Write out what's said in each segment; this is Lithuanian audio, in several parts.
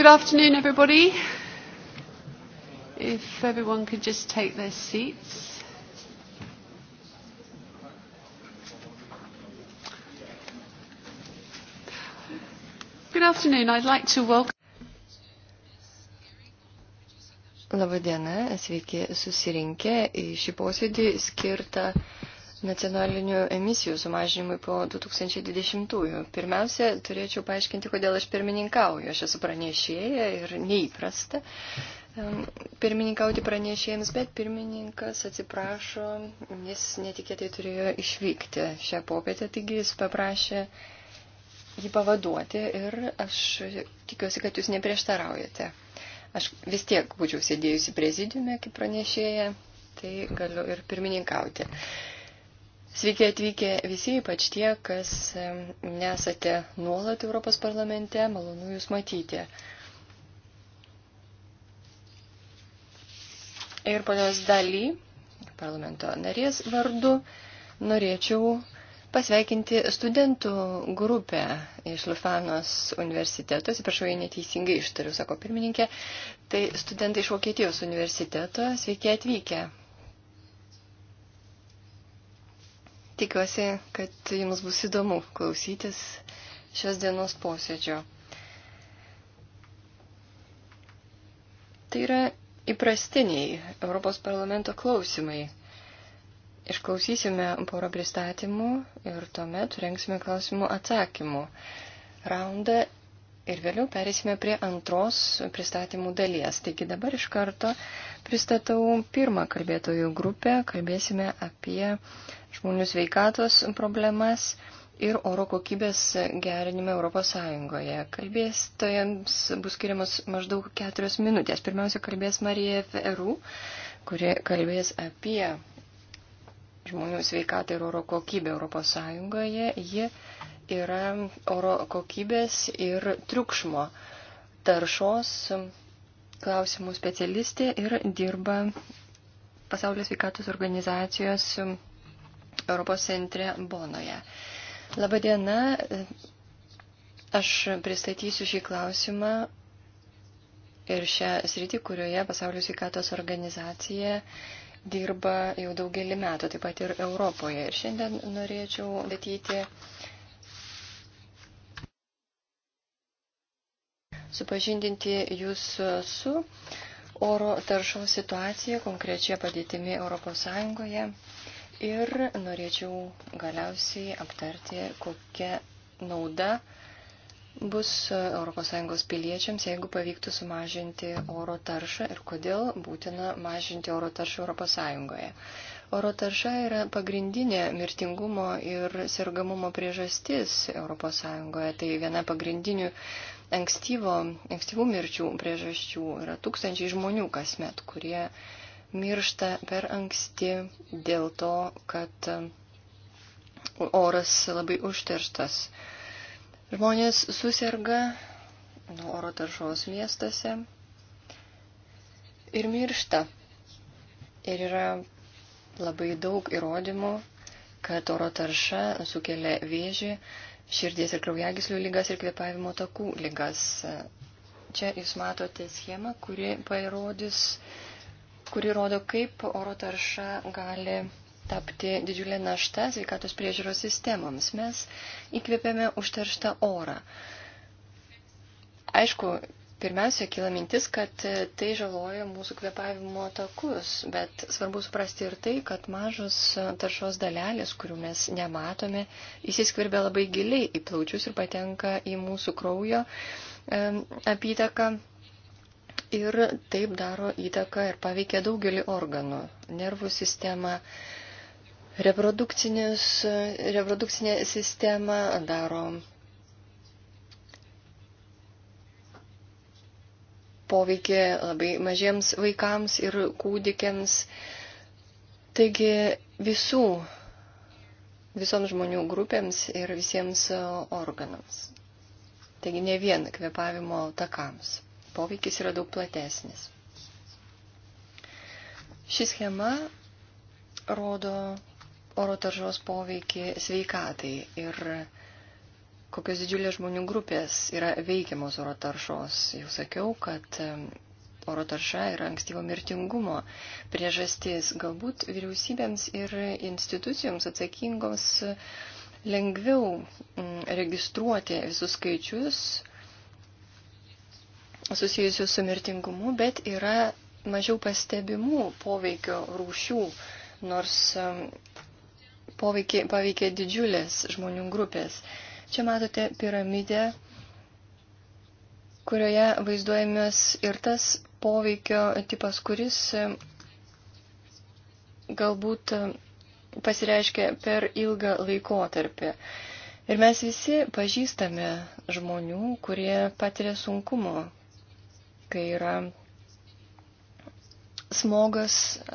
Good afternoon, everybody. If everyone could just take their seats. Good afternoon. I'd like to welcome. Labą dieną, sveiki susirinkę į šį posėdį skirtą nacionalinių emisijų sumažinimui po 2020-ųjų. Pirmiausia, turėčiau paaiškinti, kodėl aš pirmininkauju. Aš esu pranešėja ir neįprasta um, pirmininkauti pranešėjams, bet pirmininkas atsiprašo, jis netikėtai turėjo išvykti šią popietę, taigi jis paprašė jį pavaduoti ir aš tikiuosi, kad jūs neprieštaraujate. Aš vis tiek būčiau sėdėjusi prezidiume kaip pranešėja, tai galiu ir pirmininkauti. Uh, Sveiki atvykę visi, ypač tie, kas nesate nuolat Europos parlamente, malonu Jūs matyti. Ir ponios daly, parlamento narės vardu, norėčiau pasveikinti studentų grupę iš Lufanos universiteto. Atsiprašau, jei neteisingai ištariu, sako pirmininkė. Tai studentai iš Vokietijos universiteto. Sveiki atvykę. Tikiuosi, kad jums bus įdomu klausytis šios dienos posėdžio. Tai yra įprastiniai Europos parlamento klausimai. Išklausysime porą pristatymų ir tuomet rengsime klausimų atsakymų raundą ir vėliau perėsime prie antros pristatymų dalies. Taigi dabar iš karto pristatau pirmą kalbėtojų grupę, kalbėsime apie žmonių sveikatos problemas ir oro kokybės gerinimą ES. Kalbėstojams bus skiriamas maždaug keturios minutės. Pirmiausia, kalbės Marija Ferų, kuri kalbės apie žmonių sveikatą ir oro kokybę ES. Ji yra oro kokybės ir triukšmo taršos klausimų specialistė ir dirba Pasaulio sveikatos organizacijos Europos centre Bonoje. Labadiena, aš pristatysiu šį klausimą ir šią sritį, kurioje pasaulio sveikatos organizacija dirba jau daugelį metų, taip pat ir Europoje. Ir šiandien norėčiau statyti supažindinti jūs su oro taršos situacija, konkrečia padėtimi Europos Sąjungoje Ir norėčiau galiausiai aptarti, kokia nauda bus ES piliečiams, jeigu pavyktų sumažinti oro taršą ir kodėl būtina mažinti oro taršą ES. Oro tarša yra pagrindinė mirtingumo ir sergamumo priežastis ES. Tai viena pagrindinių ankstyvo, ankstyvų mirčių priežasčių yra tūkstančiai žmonių kasmet, kurie miršta per anksti dėl to, kad e, oras labai užterštas. Žmonės susirga nuo oro taršos miestuose ir miršta. Ir yra labai daug įrodymų, kad oro tarša sukelia vėžį, širdies ir kraujagyslių lygas ir kvepavimo takų lygas. Čia jūs matote schemą, kuri parodys, kuri rodo, kaip oro tarša gali tapti didžiulė našta sveikatos priežiūros sistemoms. Mes įkvėpėme užterštą orą. Aišku, pirmiausia, kyla mintis, kad tai žaloja mūsų kvepavimo takus, bet svarbu suprasti ir tai, kad mažos taršos dalelės, kurių mes nematome, įsiskverbia labai giliai į plaučius ir patenka į mūsų kraujo apytaką ir taip daro įtaką ir paveikia daugelį organų - nervų sistemą, reprodukcinę sistemą, daro poveikį labai mažiems vaikams ir kūdikiams. Taigi visų, visoms žmonių grupėms ir visiems organams. Taigi ne vien kvepavimo takams poveikis yra daug platesnis. Ši schema rodo oro taršos poveikį sveikatai ir kokios didžiulės žmonių grupės yra veikiamos oro taršos. Jau sakiau, kad oro tarša yra ankstyvo mirtingumo priežastis. Galbūt vyriausybėms ir institucijoms atsakingoms lengviau registruoti visus skaičius, susijusių su mirtingumu, bet yra mažiau pastebimų poveikio rūšių, nors um, poveikė, paveikė didžiulės žmonių grupės. Čia matote piramidę, kurioje vaizduojamas ir tas poveikio tipas, kuris um, galbūt um, pasireiškia per ilgą laikotarpį. Ir mes visi pažįstame žmonių, kurie patiria sunkumo, kai yra smogas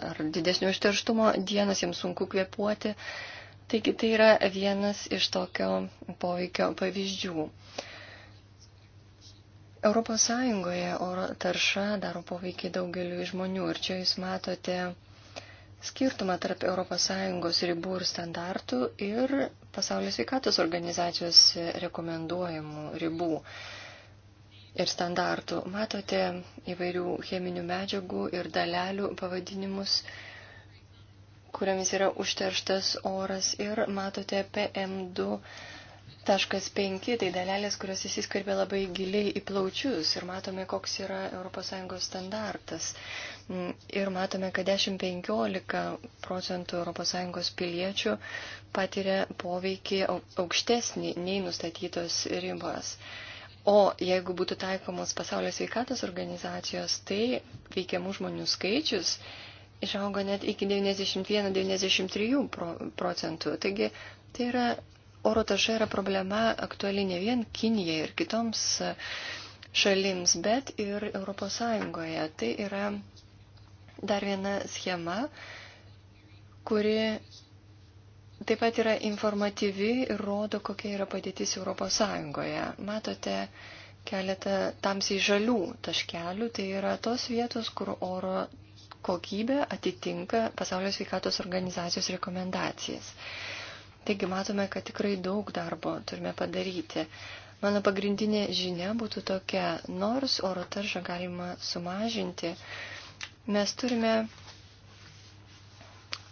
ar didesnio užterštumo dienas, jiems sunku kvepuoti. Taigi tai yra vienas iš tokio poveikio pavyzdžių. Europos Sąjungoje oro tarša daro poveikį daugeliu žmonių ir čia jūs matote skirtumą tarp ES ribų ir standartų ir pasaulio sveikatos organizacijos rekomenduojamų ribų ir standartų. Matote įvairių cheminių medžiagų ir dalelių pavadinimus, kuriamis yra užterštas oras ir matote PM2. Taškas 5 tai dalelės, kurios įsiskarbė labai giliai į plaučius ir matome, koks yra ES standartas. Ir matome, kad 10-15 procentų ES piliečių patiria poveikį aukštesnį nei nustatytos ribos. O jeigu būtų taikomos pasaulio sveikatos organizacijos, tai veikiamų žmonių skaičius išaugo net iki 91-93 procentų. Taigi tai yra, oro tarša yra problema aktuali ne vien Kinijai ir kitoms e, šalims, bet ir Europos Sąjungoje. Tai yra dar viena schema, kuri taip pat yra informatyvi ir rodo, kokia yra padėtis Europos Sąjungoje. Matote keletą tamsiai žalių taškelių, tai yra tos vietos, kur oro kokybė atitinka pasaulio sveikatos organizacijos rekomendacijas. Taigi matome, kad tikrai daug darbo turime padaryti. Mano pagrindinė žinia būtų tokia, nors oro taršą galima sumažinti, mes turime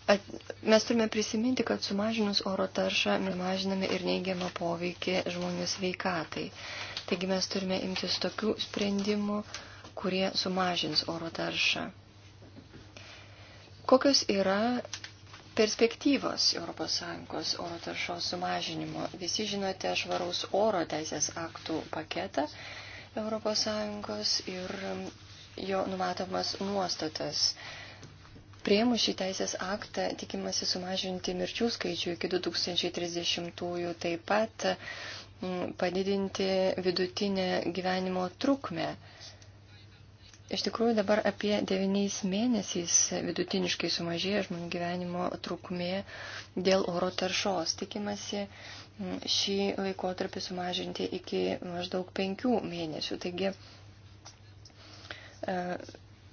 at, mes turime prisiminti, kad sumažinus oro taršą mažiname ir neigiamą poveikį žmonių sveikatai. Taigi mes turime imtis tokių sprendimų, kurie sumažins oro taršą. Kokios yra perspektyvos ES oro taršos sumažinimo? Visi žinote švaraus oro teisės aktų paketą ES ir jo numatomas nuostatas. Prieimus šį teisės aktą tikimasi sumažinti mirčių skaičių iki 2030-ųjų, taip pat mm, padidinti vidutinę gyvenimo trukmę. Iš tikrųjų dabar apie 9 mėnesiais vidutiniškai sumažėja žmonių gyvenimo trukmė dėl oro taršos. Tikimasi mm, šį laikotarpį sumažinti iki maždaug 5 mėnesių. Taigi e,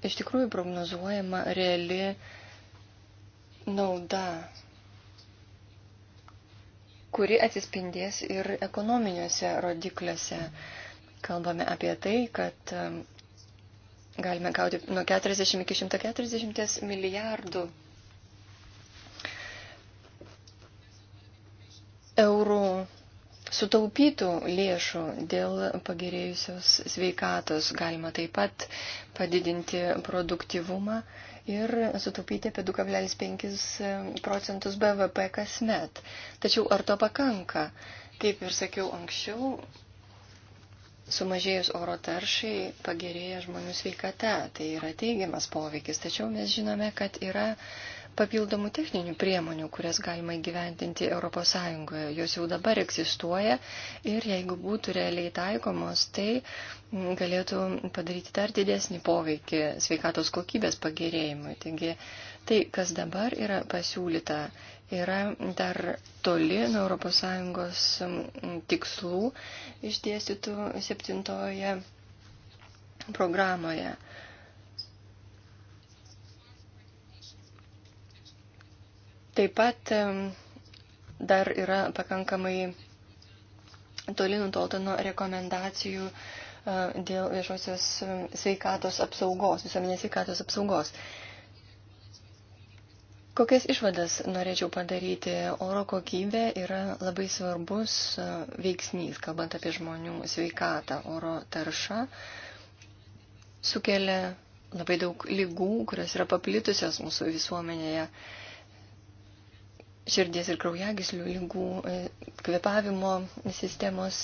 iš tikrųjų prognozuojama reali nauda, kuri atsispindės ir ekonominiuose rodikliuose. Kalbame apie tai, kad um, galime gauti nuo 40 iki 140 milijardų eurų sutaupytų lėšų dėl pagerėjusios sveikatos. Galima taip pat padidinti produktivumą ir sutaupyti apie 2,5 procentus BVP kasmet. Tačiau ar to pakanka? Kaip ir sakiau anksčiau, sumažėjus oro taršai pagerėja žmonių sveikata. Tai yra teigiamas poveikis. Tačiau mes žinome, kad yra papildomų techninių priemonių, kurias galima įgyvendinti ES. Jos jau dabar egzistuoja ir jeigu būtų realiai taikomos, tai galėtų padaryti dar didesnį poveikį sveikatos kokybės pagerėjimui. Taigi tai, kas dabar yra pasiūlyta, yra dar toli nuo ES tikslų išdėstytų septintoje programoje. Taip pat dar yra pakankamai toli nutolta nuo rekomendacijų e, dėl viešosios sveikatos apsaugos, visuomenės sveikatos apsaugos. Kokias išvadas norėčiau padaryti? Oro kokybė yra labai svarbus e, veiksnys, kalbant apie žmonių sveikatą. Oro tarša sukelia labai daug lygų, kurios yra paplitusios mūsų visuomenėje širdies ir kraujagyslių lygų, e, kvepavimo sistemos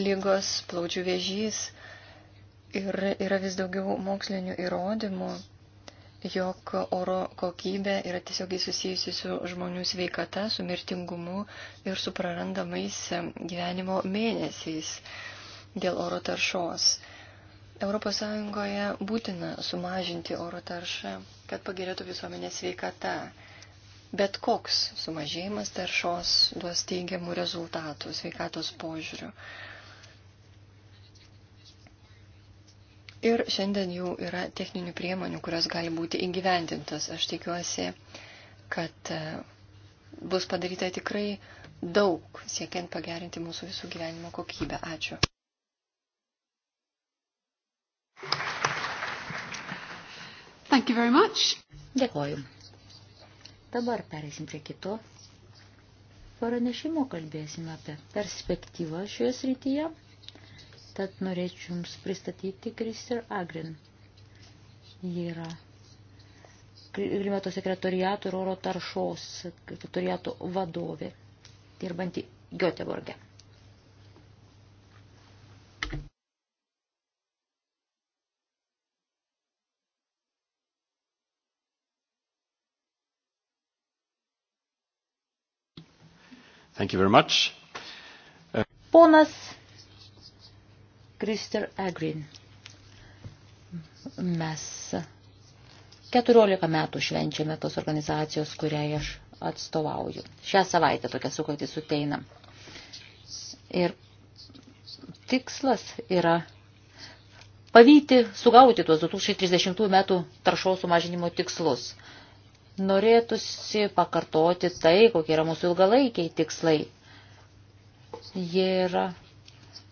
lygos, plaučių vėžys. Ir yra vis daugiau mokslinių įrodymų, jog oro kokybė yra tiesiogiai susijusi su žmonių sveikata, su mirtingumu ir su prarandamais e, gyvenimo mėnesiais dėl oro taršos. ES būtina sumažinti oro taršą, kad pagerėtų visuomenės sveikata. Bet koks sumažėjimas taršos duos teigiamų rezultatų sveikatos požiūrių. Ir šiandien jau yra techninių priemonių, kurios gali būti įgyvendintas. Aš tikiuosi, kad e, bus padaryta tikrai daug siekiant pagerinti mūsų visų gyvenimo kokybę. Ačiū. Thank you very much. Dėkoju. Dabar pereisim prie kito pranešimo, kalbėsime apie perspektyvą šioje srityje. Tad norėčiau Jums pristatyti Krister Agrin. Ji yra klimato sekretoriato ir oro taršos sekretoriato vadovė, dirbanti Göteborge. Thank you very much. Uh, Ponas Krister Agrin. Mes 14 metų švenčiame tos organizacijos, kuriai aš atstovauju. Šią savaitę tokia sukaktis suteina. Ir tikslas yra pavyti, sugauti tuos 2030 metų taršos sumažinimo tikslus norėtųsi pakartoti tai, kokie yra mūsų ilgalaikiai tikslai. Jie yra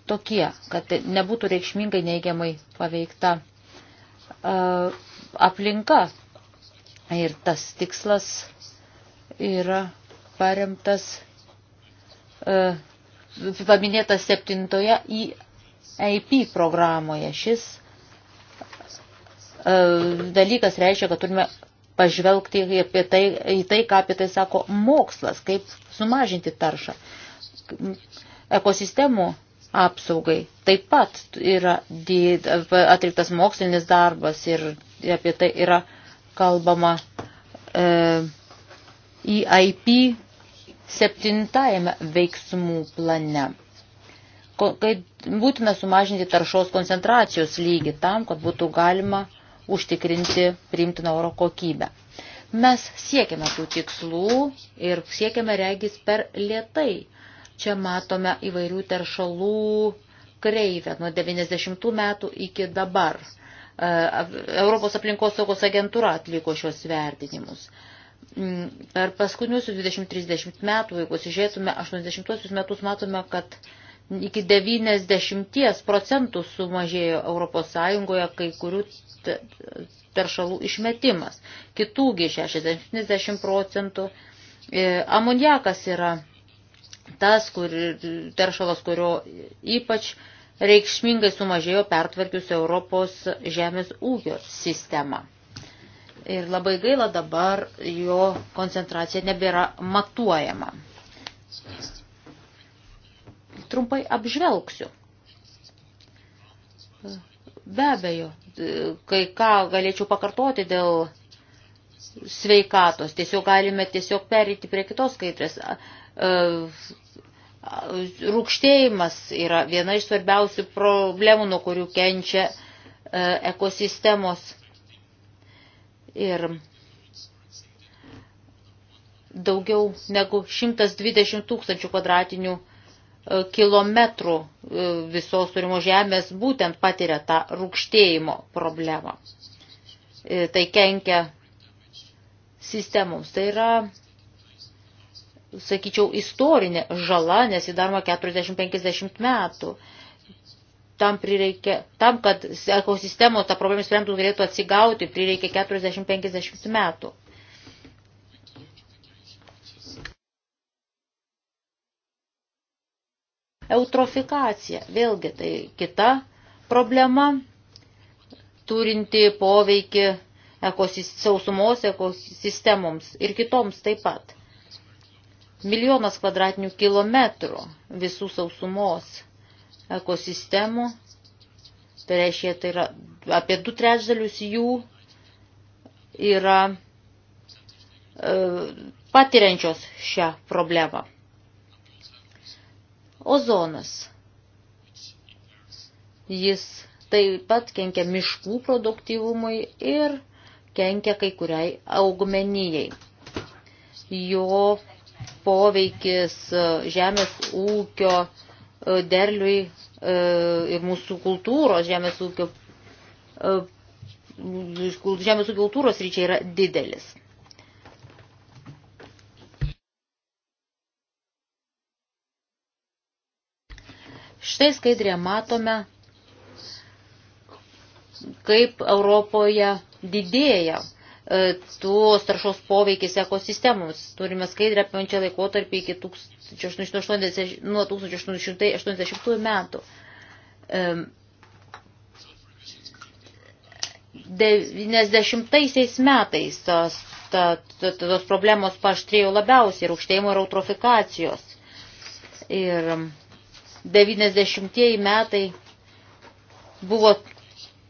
tokie, kad nebūtų reikšmingai neigiamai paveikta e, aplinka. Ir tas tikslas yra paremtas, e, paminėtas septintoje EIP programoje. Šis e, dalykas reiškia, kad turime pažvelgti apie tai, į tai, ką apie tai sako mokslas, kaip sumažinti taršą. Ekosistemų apsaugai taip pat yra atliktas mokslinis darbas ir apie tai yra kalbama e, EIP septintajame veiksmų plane. Kai būtina sumažinti taršos koncentracijos lygį tam, kad būtų galima e, užtikrinti priimtiną oro kokybę. Mes siekiame tų tikslų ir siekiame regis per lietai. Čia matome įvairių teršalų kreivę nuo 90 metų iki dabar. E, Europos aplinkos saugos agentūra atliko šios vertinimus. Mm, per paskutinius 20-30 metų, jeigu sižiūrėtume 80 metus, matome, kad iki 90 procentų sumažėjo ES kai kurių teršalų išmetimas, kitųgi 60 procentų. E, Amoniakas yra tas kur, teršalas, kurio ypač reikšmingai sumažėjo pertvarkius Europos žemės ūkio sistemą. Ir labai gaila dabar jo koncentracija nebėra matuojama trumpai apžvelgsiu. Be abejo, kai ką galėčiau pakartoti dėl sveikatos, tiesiog galime tiesiog perėti prie kitos skaitrės. Rūkštėjimas yra viena iš svarbiausių problemų, nuo kurių kenčia e, ekosistemos. Ir daugiau negu 120 tūkstančių kvadratinių metrų E, kilometrų e, visos turimo žemės būtent patiria tą rūkštėjimo problemą. E, tai kenkia sistemoms. Tai yra, sakyčiau, istorinė žala, nes įdaroma 40-50 metų. Tam, prireikia, tam, kad ekosistemos tą problemą sprendų galėtų atsigauti, prireikia 40-50 metų. Eutrofikacija. Vėlgi tai kita problema, turinti poveikį ekosist, sausumos ekosistemoms ir kitoms taip pat. Milijonas kvadratinių kilometrų visų sausumos ekosistemų, tai reiškia, tai yra apie du trečdalius jų yra e, patiriančios šią problemą. Ozonas. Jis taip pat kenkia miškų produktyvumui ir kenkia kai kuriai augmenijai. Jo poveikis e, žemės ūkio e, derliui e, ir mūsų kultūros žemės ūkio žemės ūkio kultūros ryčiai yra didelis. Štai skaidrėje matome, kaip Europoje didėja e, tuos taršos poveikis ekosistemoms. Turime skaidrę apimančią laikotarpį iki 1880, nuo 1880 metų. 90 e, metais tos, ta, ta, tos problemos paštrėjo labiausiai ir aukštėjimo ir eutrofikacijos. Ir 90-ieji metai buvo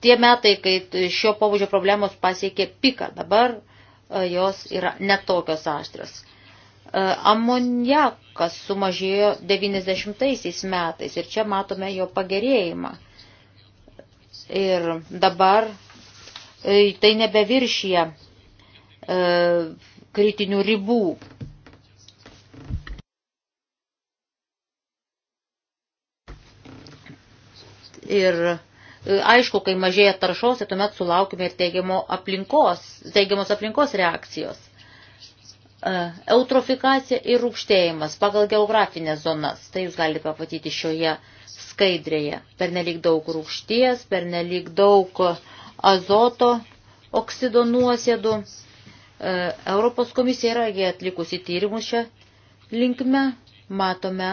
tie metai, kai šio pobūdžio problemos pasiekė piką. Dabar e, jos yra netokios aštrios. E, amoniakas sumažėjo 90-aisiais metais ir čia matome jo pagerėjimą. Ir dabar e, tai nebeviršyje kritinių ribų. Ir e, aišku, kai mažėja taršos, tai tuomet sulaukime ir teigiamo aplinkos, teigiamos aplinkos reakcijos. E, eutrofikacija ir rūkštėjimas pagal geografinės zonas. Tai jūs galite pamatyti šioje skaidrėje. Per nelik daug rūkšties, per nelik daug azoto oksido nuosėdų. E, Europos komisija yra atlikusi tyrimus šią linkme. Matome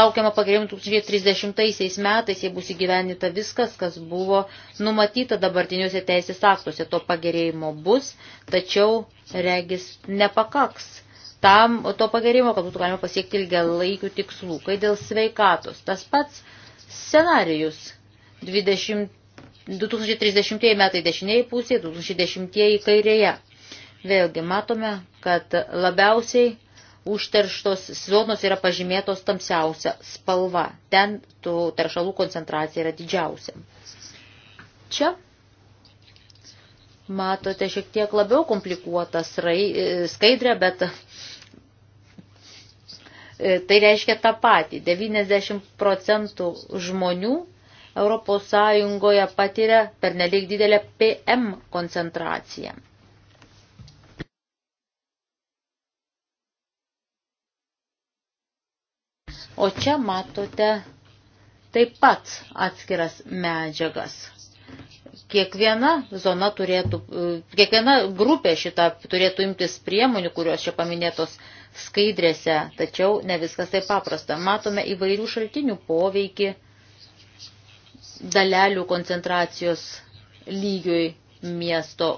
laukiama pagrėjimų 2030 metais, jei bus įgyvenita viskas, kas buvo numatyta dabartiniuose teisės aktuose. To pagerėjimo bus, tačiau regis nepakaks tam to pagerėjimo, kad būtų galima pasiekti ilgalaikių tikslų. Kai dėl sveikatos, tas pats scenarijus 20, 2030 metai dešinėje pusėje, 2010 kairėje. Vėlgi matome, kad labiausiai užterštos zonos yra pažymėtos tamsiausia spalva. Ten tų teršalų koncentracija yra didžiausia. Čia matote šiek tiek labiau komplikuotą e, skaidrę, bet e, tai reiškia tą patį. 90 procentų žmonių Europos Sąjungoje patiria per nelik didelę PM koncentraciją. O čia matote taip pat atskiras medžiagas. Kiekviena zona turėtų, kiekviena grupė šitą turėtų imtis priemonių, kurios čia paminėtos skaidrėse, tačiau ne viskas taip paprasta. Matome įvairių šaltinių poveikį dalelių koncentracijos lygiui miesto,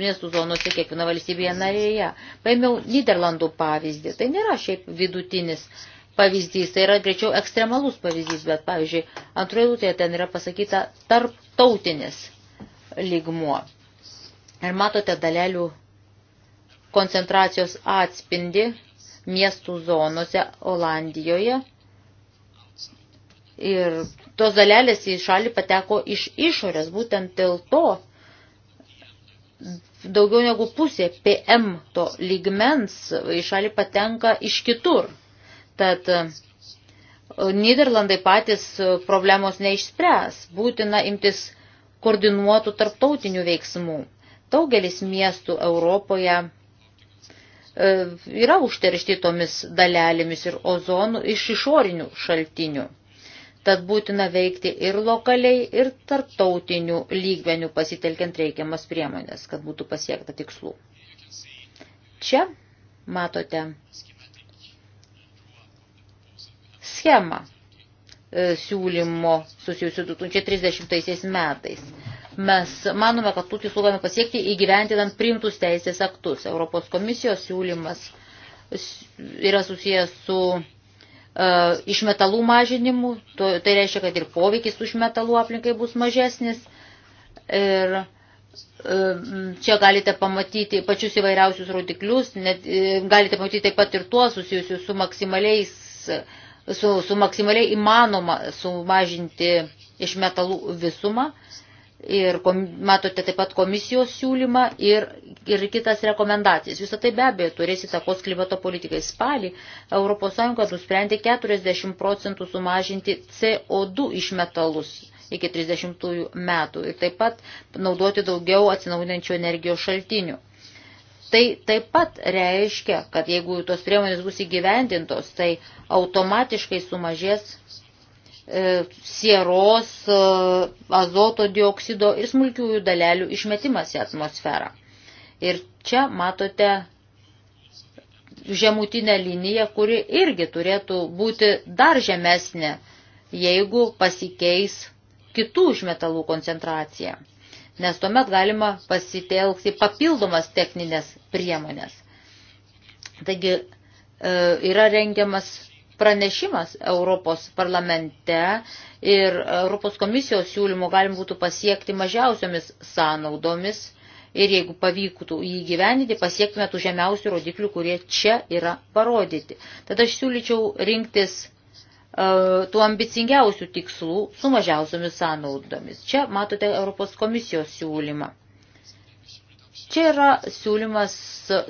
miestų zonose kiekviena valstybėje narėje. Paėmiau Niderlandų pavyzdį. Tai nėra šiaip vidutinis uh, pavyzdys, tai yra greičiau ekstremalus pavyzdys, bet pavyzdžiui, antroje lūtėje ten yra pasakyta tarptautinis lygmuo. Ir matote dalelių koncentracijos atspindi miestų zonose Olandijoje. Ir tos dalelės į šalį pateko iš išorės, būtent dėl to daugiau negu pusė PM to lygmens į šalį patenka iš kitur. Tad e, Niderlandai patys e, problemos neišspręs, būtina imtis koordinuotų tarptautinių veiksmų. Daugelis miestų Europoje e, yra užteršti tomis dalelėmis ir ozonų iš išorinių šaltinių. Tad būtina veikti ir lokaliai, ir tarptautinių lygmenių pasitelkiant reikiamas priemonės, kad būtų pasiekta tikslų. Čia matote schemą e, siūlymo susijusiu 2030 metais. Mes manome, kad tų tikslų galime pasiekti įgyventinant priimtus teisės aktus. Europos komisijos siūlymas yra susijęs su uh, e, išmetalų mažinimu, to, tai reiškia, kad ir poveikis už metalų aplinkai bus mažesnis. Ir e, Čia galite pamatyti pačius įvairiausius rodiklius, net, galite pamatyti taip pat ir tuos susijusius su maksimaliais su, su maksimaliai įmanoma sumažinti iš metalų visumą. Ir kom, matote taip pat komisijos siūlymą ir, ir kitas rekomendacijas. Visą tai be abejo turės įtakos klimato politikai. Spalį ES nusprendė 40 procentų sumažinti CO2 iš metalus iki 30 metų ir taip pat naudoti daugiau atsinaujinančių energijos šaltinių. Tai taip pat reiškia, kad jeigu tos priemonės bus įgyvendintos, tai automatiškai sumažės e, sieros, e, azoto dioksido ir smulkiųjų dalelių išmetimas į atmosferą. Ir čia matote žemutinę liniją, kuri irgi turėtų būti dar žemesnė, jeigu pasikeis kitų išmetalų koncentracija. Nes tuomet galima pasitelkti papildomas techninės priemonės. Taigi e, yra rengiamas pranešimas Europos parlamente ir Europos komisijos siūlymų galim būtų pasiekti mažiausiomis sąnaudomis ir jeigu pavyktų jį gyveninti, pasiektume tų žemiausių rodiklių, kurie čia yra parodyti. Tada aš siūlyčiau rinktis uh, tų ambicingiausių tikslų su mažiausiomis sąnaudomis. Čia matote Europos komisijos siūlymą. Čia yra siūlymas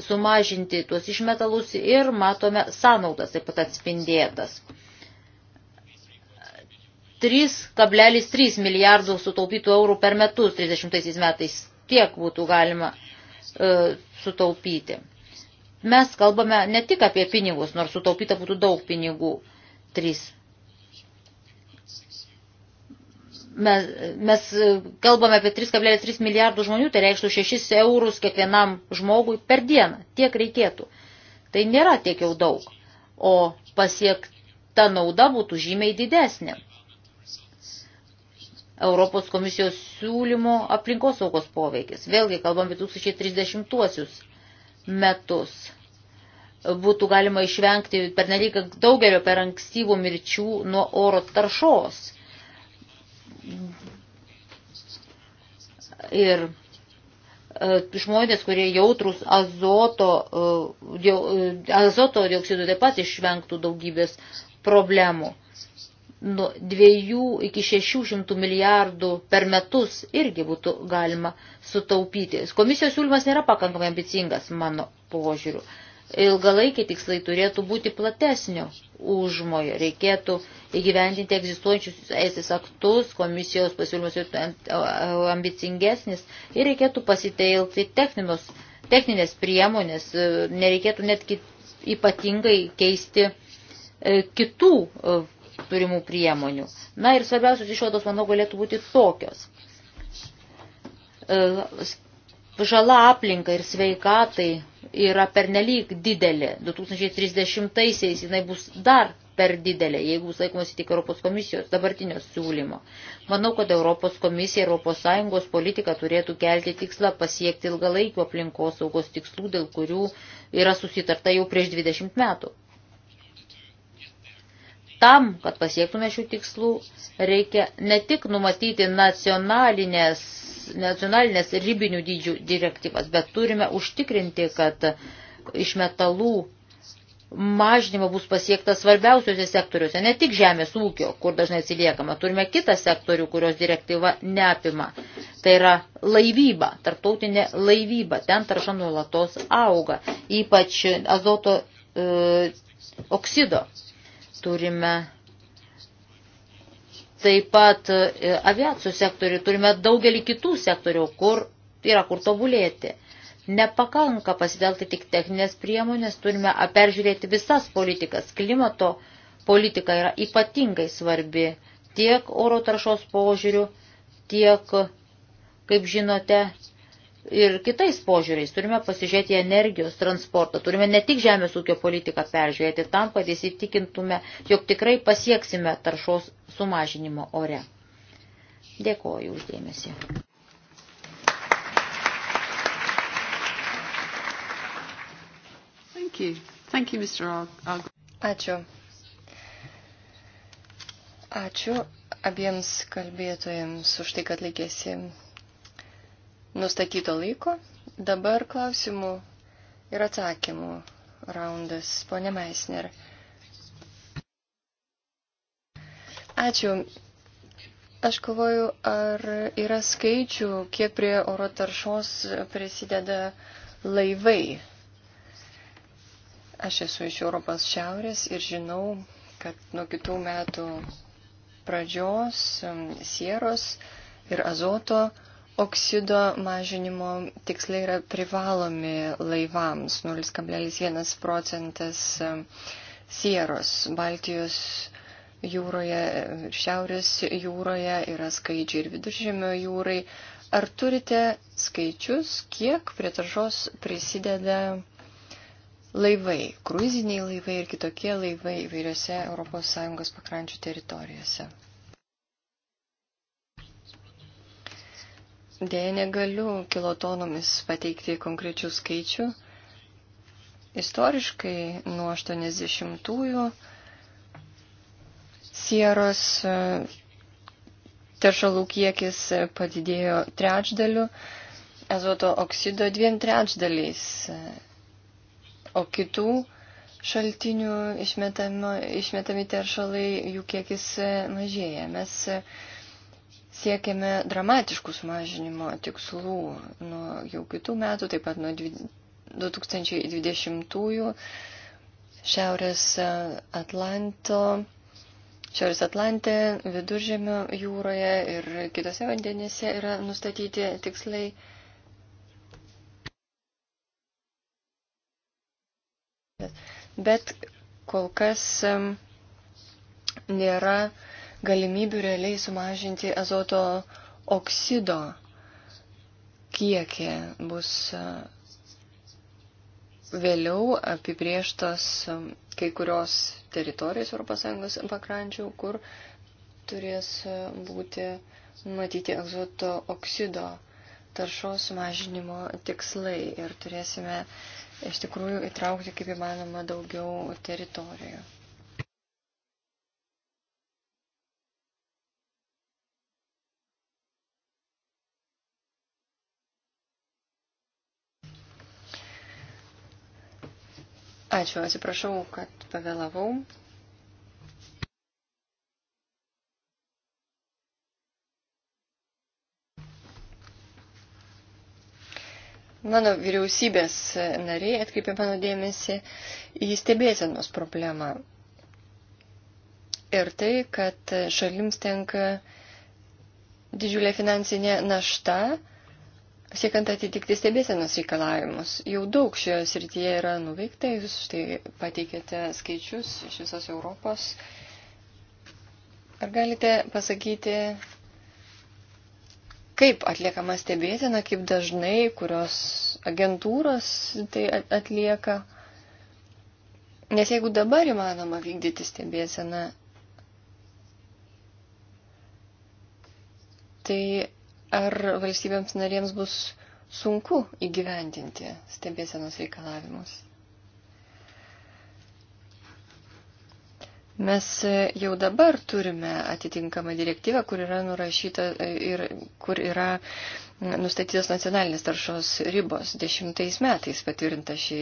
sumažinti tuos išmetalus ir matome sąnaudas taip pat atspindėtas. 3,3 milijardų sutaupytų eurų per metus 30 metais tiek būtų galima e, sutaupyti. Mes kalbame ne tik apie pinigus, nors sutaupyta būtų daug pinigų. 3 mes, mes e, kalbame apie 3,3 milijardų žmonių, tai reikštų 6 eurus kiekvienam žmogui per dieną. Tiek reikėtų. Tai nėra tiek jau daug. O pasiekta nauda būtų žymiai didesnė. Europos komisijos siūlymo aplinkos saugos poveikis. Vėlgi kalbam apie 2030 metus. Būtų galima išvengti per nelik daugelio per ankstyvų mirčių nuo oro taršos Ir e, žmonės, kurie jautrus azoto, e, e, azoto dioksido taip pat išvengtų daugybės problemų. Nuo 2 iki 600 milijardų per metus irgi būtų galima sutaupyti. Komisijos siūlymas nėra pakankamai ambicingas mano požiūriu. Ilgalaikiai tikslai turėtų būti platesnio užmojo. Reikėtų uh, įgyvendinti egzistuojančius eisės aktus, komisijos pasiūlymas būtų ambicingesnis ir reikėtų pasiteilti techninos, techninės priemonės, e, nereikėtų netgi ypatingai keisti e, kitų e, turimų priemonių. Na ir svarbiausios išvados, manau, galėtų būti tokios. Žala aplinka ir sveikatai yra pernelyg didelė. 2030-aisiais jinai bus dar per didelė, jeigu bus laikomasi tik Europos komisijos dabartinio siūlymo. Manau, kad Europos komisija Europos Sąjungos politika turėtų kelti tikslą pasiekti ilgalaikių aplinkos saugos tikslų, dėl kurių yra susitarta jau prieš 20 metų. Tam, kad pasiektume šių tikslų, reikia ne tik numatyti nacionalinės, nacionalinės ribinių dydžių direktyvas, bet turime užtikrinti, kad iš metalų mažinimo bus pasiektas svarbiausiuose sektoriuose, ne tik žemės ūkio, kur dažnai atsiliekama. Turime kitą sektorių, kurios direktyva neapima. Tai yra laivyba, tarptautinė laivyba. Ten tarša nuolatos auga, ypač azoto e, oksido. Turime taip pat e, aviacijos sektorių, turime daugelį kitų sektorių, kur yra kur tobulėti. Nepakanka pasitelkti tik techninės priemonės, turime peržiūrėti visas politikas. Klimato politika yra ypatingai svarbi tiek oro taršos požiūrių, tiek, kaip žinote, ir kitais požiūriais. Turime pasižiūrėti energijos transportą, turime ne tik žemės ūkio politiką peržiūrėti tam, kad įsitikintume, jog tikrai pasieksime taršos sumažinimo ore. Dėkoju uždėmesi. you. Thank you, Mr. Argo. Ačiū. Ačiū abiems kalbėtojams už tai, kad laikėsi nustatyto laiko. Dabar klausimų ir atsakymų raundas, ponė Meisner. Ačiū. Aš kovoju, ar yra skaičių, kiek prie oro taršos prisideda laivai. Aš esu iš Europos šiaurės ir žinau, kad nuo kitų metų pradžios um, sieros ir azoto oksido mažinimo tikslai yra privalomi laivams 0,1 procentas um, sieros Baltijos jūroje ir um, Šiaurės jūroje yra skaičiai ir viduržėmio jūrai. Ar turite skaičius, kiek prie taršos prisideda laivai, kruiziniai laivai ir kitokie laivai įvairiose ES pakrančių teritorijose. Dėja negaliu kilotonomis pateikti konkrečių skaičių. Istoriškai nuo 80-ųjų sieros e, teršalų kiekis padidėjo trečdaliu, azoto oksido dviem trečdaliais e, o kitų šaltinių išmetami teršalai, jų kiekis e, mažėja. Mes e, siekiame dramatiškų sumažinimo tikslų nuo jau kitų metų, taip pat nuo 2020-ųjų Šiaurės e, Atlanto. Šiaurės Atlantė, Viduržėmio jūroje ir kitose vandenėse yra nustatyti tikslai bet kol kas nėra galimybių realiai sumažinti azoto oksido kiekį. Bus e, vėliau apibrieštas kai kurios teritorijos ES pakrančių, kur turės e, būti matyti azoto oksido taršos mažinimo tikslai ir turėsime iš tikrųjų įtraukti kaip įmanoma daugiau teritorijų. Ačiū, atsiprašau, kad pavėlavau. Mano vyriausybės nariai atkreipė mano dėmesį į stebėsenos problemą. Ir tai, kad šalims tenka didžiulė finansinė našta, siekiant atitikti stebėsenos reikalavimus. Jau daug šioje srityje yra nuveikta, jūs štai pateikėte skaičius iš visos Europos. Ar galite pasakyti, kaip atliekama stebėsena, kaip dažnai, kurios agentūros tai atlieka. Nes jeigu dabar įmanoma vykdyti stebėseną, tai ar valstybėms narėms bus sunku įgyvendinti stebėsenos reikalavimus? Mes jau dabar turime atitinkamą direktyvą, kur yra nurašyta e, ir kur yra nustatytas nacionalinės taršos ribos. Dešimtais metais patvirtinta ši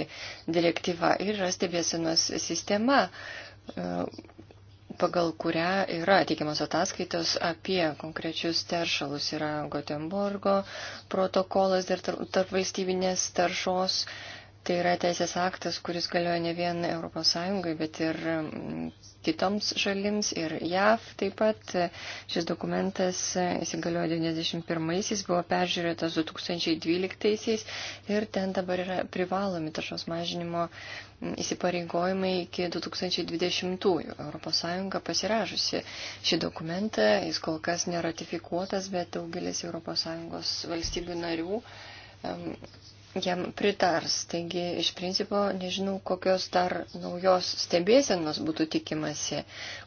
direktyva ir yra stebėsinos sistema, e, pagal kurią yra teikiamas ataskaitos apie konkrečius teršalus. Yra Gotemburgo protokolas tarp valstybinės taršos Tai yra teisės aktas, kuris galioja ne vien ES, bet ir mm, kitoms šalims ir JAV taip pat. Šis dokumentas įsigaliojo 91-aisiais, buvo peržiūrėtas 2012-aisiais ir ten dabar yra privalomi taršos mažinimo mm, įsipareigojimai iki 2020-ųjų. ES pasirašusi šį dokumentą, jis kol kas neratifikuotas, bet daugelis ES valstybių narių mm, jam pritars. Taigi, iš principo, nežinau, kokios dar naujos stebėsenos būtų tikimasi.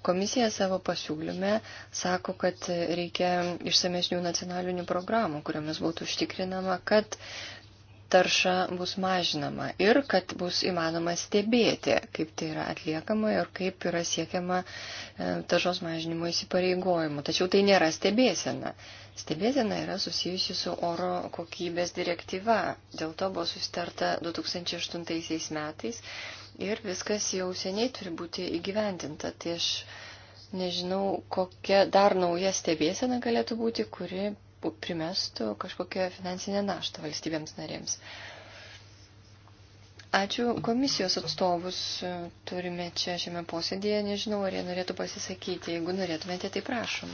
Komisija savo pasiūlyme sako, kad reikia išsamesnių nacionalinių programų, kuriomis būtų užtikrinama, kad tarša bus mažinama ir kad bus įmanoma stebėti, kaip tai yra atliekama ir kaip yra siekiama e, taršos mažinimo įsipareigojimų. Tačiau tai nėra stebėsena. Stebėsena yra susijusi su oro kokybės direktyva. Dėl to buvo sustarta 2008 metais ir viskas jau seniai turi būti įgyvendinta. Tai aš nežinau, kokia dar nauja stebėsena galėtų būti, kuri primestų kažkokią finansinę naštą valstybėms narėms. Ačiū komisijos atstovus. Turime čia šiame posėdėje, nežinau, ar jie norėtų pasisakyti. Jeigu norėtumėte, tai prašom.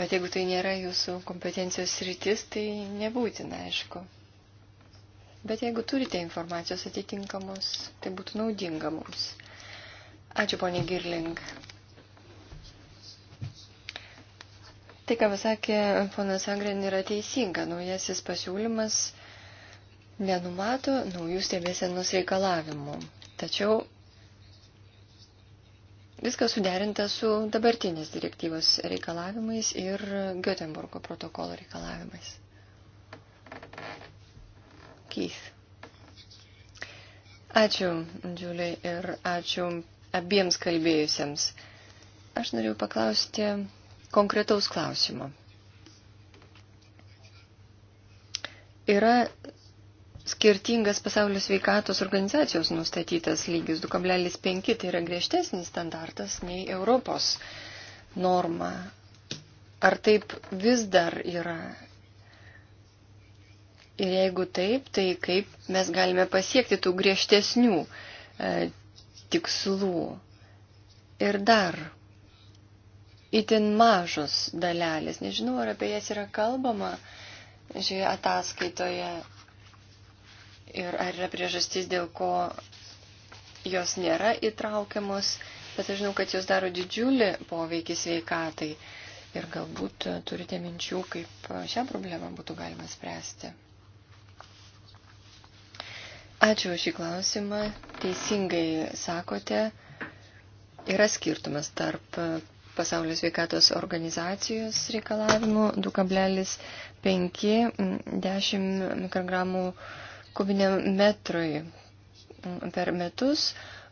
Bet jeigu tai nėra jūsų kompetencijos rytis, tai nebūtina, aišku. Bet jeigu turite informacijos atitinkamos, tai būtų naudinga mums. Ačiū, ponė Girling. Tai, ką pasakė ponas Angren, yra teisinga. Naujasis pasiūlymas nenumato naujų stebėsenos reikalavimų. Tačiau viskas suderinta su dabartinės direktyvos reikalavimais ir Göteborgo protokolo reikalavimais. Keith. Ačiū, Džiuliai, ir ačiū abiems kalbėjusiems. Aš norėjau paklausti konkretaus klausimo. Yra skirtingas pasaulio sveikatos organizacijos nustatytas lygis 2,5 tai yra griežtesnis standartas nei Europos norma. Ar taip vis dar yra? Ir jeigu taip, tai kaip mes galime pasiekti tų griežtesnių e, tikslų? Ir dar itin mažos dalelės. Nežinau, ar apie jas yra kalbama šioje ataskaitoje ir ar yra priežastis, dėl ko jos nėra įtraukiamos, bet aš žinau, kad jos daro didžiulį poveikį sveikatai. Ir galbūt turite minčių, kaip šią problemą būtų galima spręsti. Ačiū už šį klausimą. Teisingai sakote, yra skirtumas tarp pasaulio sveikatos organizacijos reikalavimų 2,5-10 mm, mikrogramų kubiniam metrui mm, per metus,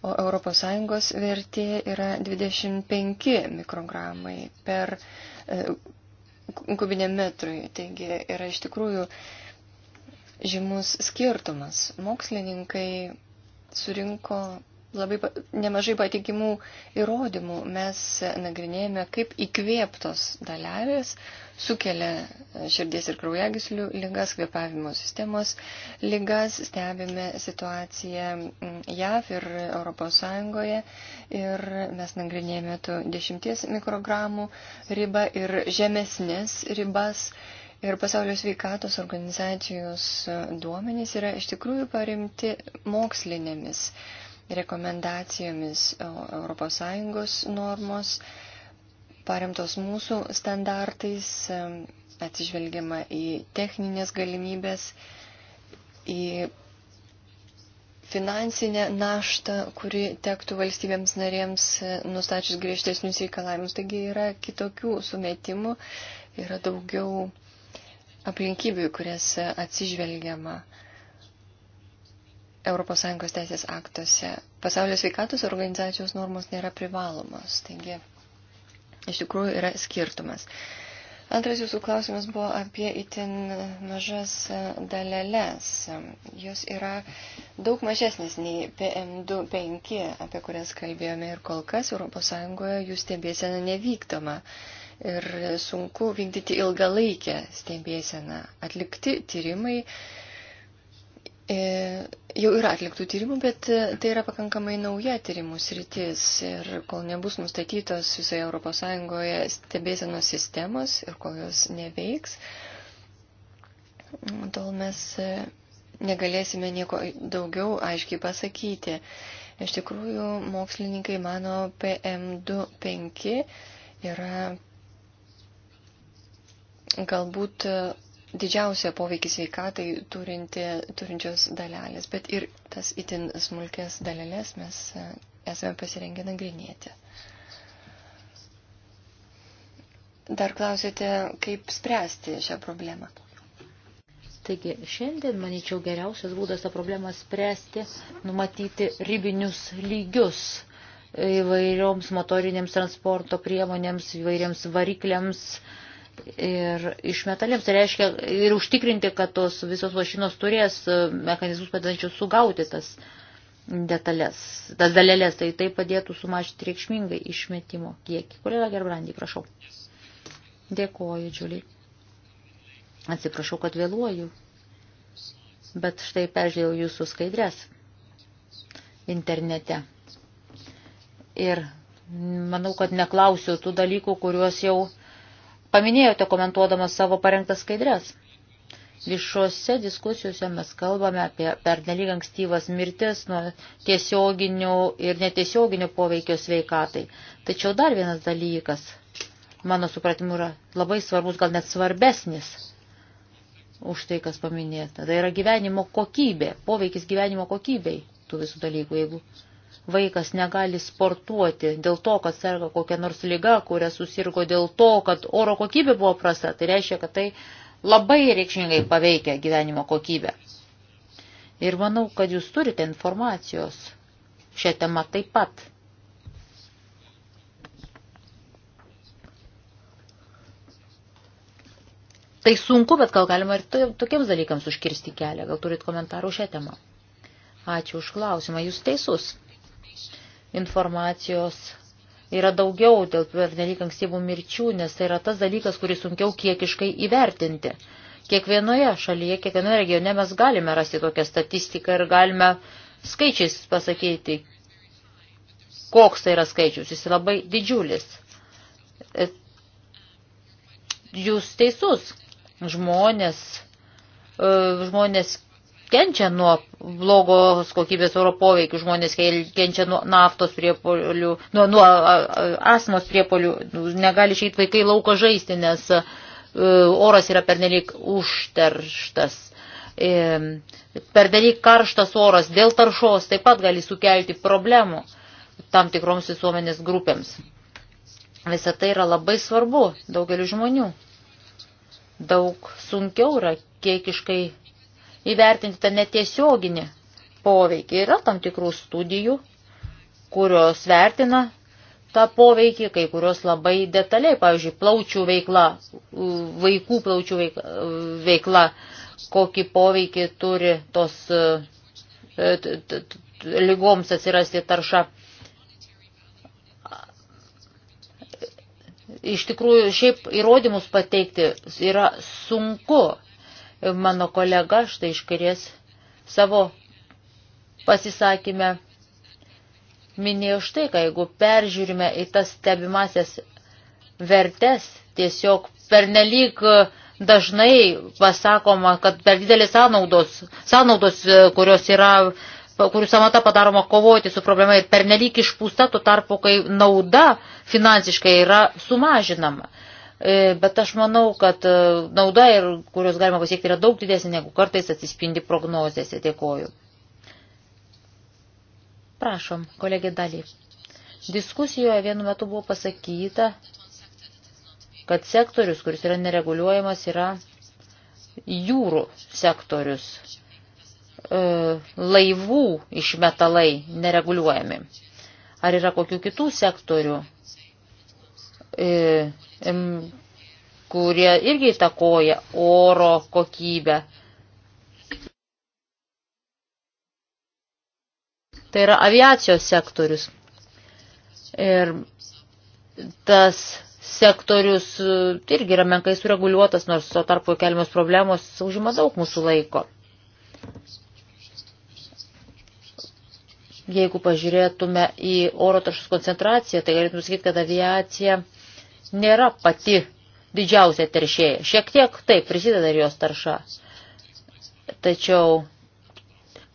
o ES vertė yra 25 mikrogramai per e, kubiniam metrui. Taigi yra iš tikrųjų žymus skirtumas. Mokslininkai surinko labai nemažai patikimų įrodymų. Mes nagrinėjame, kaip įkvėptos dalelės sukelia širdies ir kraujagyslių lygas, kvepavimo sistemos lygas, stebime situaciją JAV ir ES ir mes nagrinėjame tų 10 mikrogramų ribą ir žemesnės ribas. Ir pasaulio sveikatos organizacijos duomenys yra iš tikrųjų paremti mokslinėmis uh, rekomendacijomis ES normos, paremtos mūsų standartais, atsižvelgiama į techninės galimybės, į finansinę naštą, kuri tektų valstybėms narėms e, nustačius griežtesnius reikalavimus. Taigi yra kitokių sumetimų, yra daugiau aplinkybių, kurias e, atsižvelgiama. ES teisės aktuose. Pasaulio sveikatos organizacijos normos nėra privalomos, taigi iš tikrųjų yra skirtumas. Antras jūsų klausimas buvo apie itin mažas dalelės. Jos yra daug mažesnės nei PM2-5, apie kurias kalbėjome ir kol kas ES jų stebėsena nevykdoma. Ir sunku vykdyti ilgalaikę stebėseną. Atlikti tyrimai E, jau yra atliktų tyrimų, bet e, tai yra pakankamai nauja tyrimų sritis ir kol nebus nustatytos visoje ES stebėsenos sistemos ir kol jos neveiks, tol mes e, negalėsime nieko daugiau aiškiai pasakyti. Iš tikrųjų, mokslininkai mano PM25 yra galbūt didžiausia poveikį sveikatai turinti, turinčios dalelės, bet ir tas itin smulkės dalelės mes e, esame pasirengę nagrinėti. Dar klausėte, kaip spręsti šią problemą. Taigi šiandien, manyčiau, geriausias būdas tą problemą spręsti, numatyti ribinius lygius įvairioms motorinėms transporto priemonėms, įvairiems varikliams, uh, ir išmetalėms. Tai reiškia ir užtikrinti, kad tos visos mašinos turės e, mechanizmus padedančius sugauti tas detalės, tas dalelės, tai tai padėtų sumažinti reikšmingai išmetimo kiekį. Kolega Gerbrandį, prašau. Dėkuoju, Džiuliai. Atsiprašau, kad vėluoju, bet štai peržiūrėjau jūsų skaidrės internete. Ir manau, kad neklausiu tų dalykų, kuriuos jau paminėjote komentuodamas savo parengtas skaidrės. Viešose diskusijose mes kalbame apie pernelyg ankstyvas mirtis nuo tiesioginių ir netiesioginių poveikio sveikatai. Tačiau dar vienas dalykas, mano supratimu, yra labai svarbus, gal net svarbesnis už tai, kas paminėta. Tai yra gyvenimo kokybė, poveikis gyvenimo kokybei tų visų dalykų. Jeigu vaikas negali sportuoti dėl to, kad serga kokią nors lygą, kurią susirgo dėl to, kad oro kokybė buvo prasta, tai reiškia, kad tai labai reikšmingai paveikia gyvenimo kokybę. Ir manau, kad jūs turite informacijos šią temą taip pat. Tai sunku, bet gal galima ir tokiems dalykams užkirsti kelią. Gal turit komentarų šią temą? Ačiū už klausimą. Jūs teisus informacijos yra daugiau dėl pernelyg ankstyvų mirčių, nes tai yra tas dalykas, kurį sunkiau kiekiškai įvertinti. Kiekvienoje šalyje, kiekvienoje regione mes galime rasti tokią statistiką ir galime skaičiais pasakyti, koks tai yra skaičius. Jis labai didžiulis. E, jūs teisus. Žmonės, e, žmonės kenčia nuo blogos kokybės oro poveikių, žmonės kenčia nuo naftos priepolių, nuo, nuo asmos priepolių, negali išeiti vaikai lauko žaisti, nes e, oras yra pernelyg užterštas. E, pernelyg karštas oras dėl taršos taip pat gali sukelti problemų tam tikroms visuomenės grupėms. Visą tai yra labai svarbu daugeliu žmonių. Daug sunkiau yra kiekiškai įvertinti tą netiesioginį poveikį. Yra tam tikrų studijų, kurios vertina tą poveikį, kai kurios labai detaliai, pavyzdžiui, plaučių veikla, vaikų plaučių veikla, kokį poveikį turi tos e, lygoms atsirasti tarša. Iš tikrųjų, šiaip įrodymus pateikti yra sunku, Mano kolega štai iš kairės savo pasisakymę minėjo štai, kad jeigu peržiūrime į tas stebimasias vertes, tiesiog pernelyg dažnai pasakoma, kad per didelės sąnaudos, sąnaudos, e, kurios yra, kurių samata padaroma kovoti su problema ir pernelyg išpūsta, tuo tarpu, kai nauda finansiškai yra sumažinama. E, bet aš manau, kad e, nauda, ir, kurios galima pasiekti, yra daug didesnė, negu kartais atsispindi prognozėse. Dėkoju. Prašom, kolegė Dalį. Diskusijoje vienu metu buvo pasakyta, kad sektorius, kuris yra nereguliuojamas, yra jūrų sektorius. E, laivų išmetalai nereguliuojami. Ar yra kokių kitų sektorių, E, kurie irgi įtakoja oro kokybę. Tai yra aviacijos sektorius. Ir tas sektorius e, irgi yra menkai sureguliuotas, nors to tarpu keliamos problemos užima daug mūsų laiko. Jeigu pažiūrėtume į oro taršos koncentraciją, tai galėtume sakyti, kad aviacija nėra pati didžiausia teršėja. Šiek tiek taip prisideda ir jos tarša. Tačiau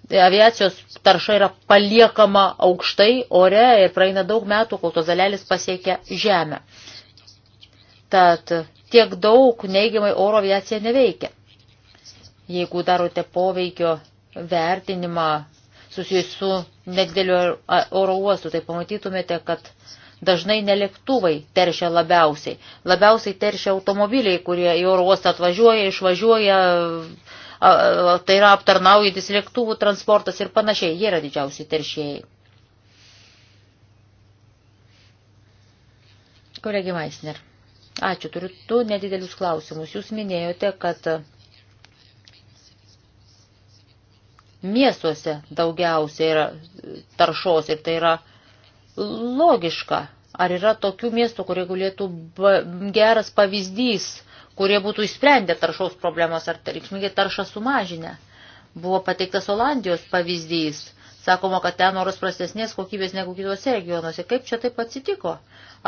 aviacijos tarša yra paliekama aukštai ore ir praeina daug metų, kol tos dalelis pasiekia žemę. Tad tiek daug neigiamai oro aviacija neveikia. Jeigu darote poveikio vertinimą susijusiu nedideliu oro uostu, tai pamatytumėte, kad Dažnai nelėktuvai teršia labiausiai. Labiausiai teršia automobiliai, kurie į oro uostą atvažiuoja, išvažiuoja, tai yra aptarnaujantis lėktuvų transportas ir panašiai. Jie yra didžiausiai teršėjai. Kolegi Maisner, ačiū, turiu tu nedidelius klausimus. Jūs minėjote, kad miestuose daugiausia yra taršos ir tai yra logiška. Ar yra tokių miestų, kurie galėtų geras pavyzdys, kurie būtų išsprendę taršos problemas ar reikšmingai taršą sumažinę? Buvo pateiktas Olandijos pavyzdys. Sakoma, kad ten oras prastesnės kokybės negu kitose regionuose. Kaip čia taip atsitiko?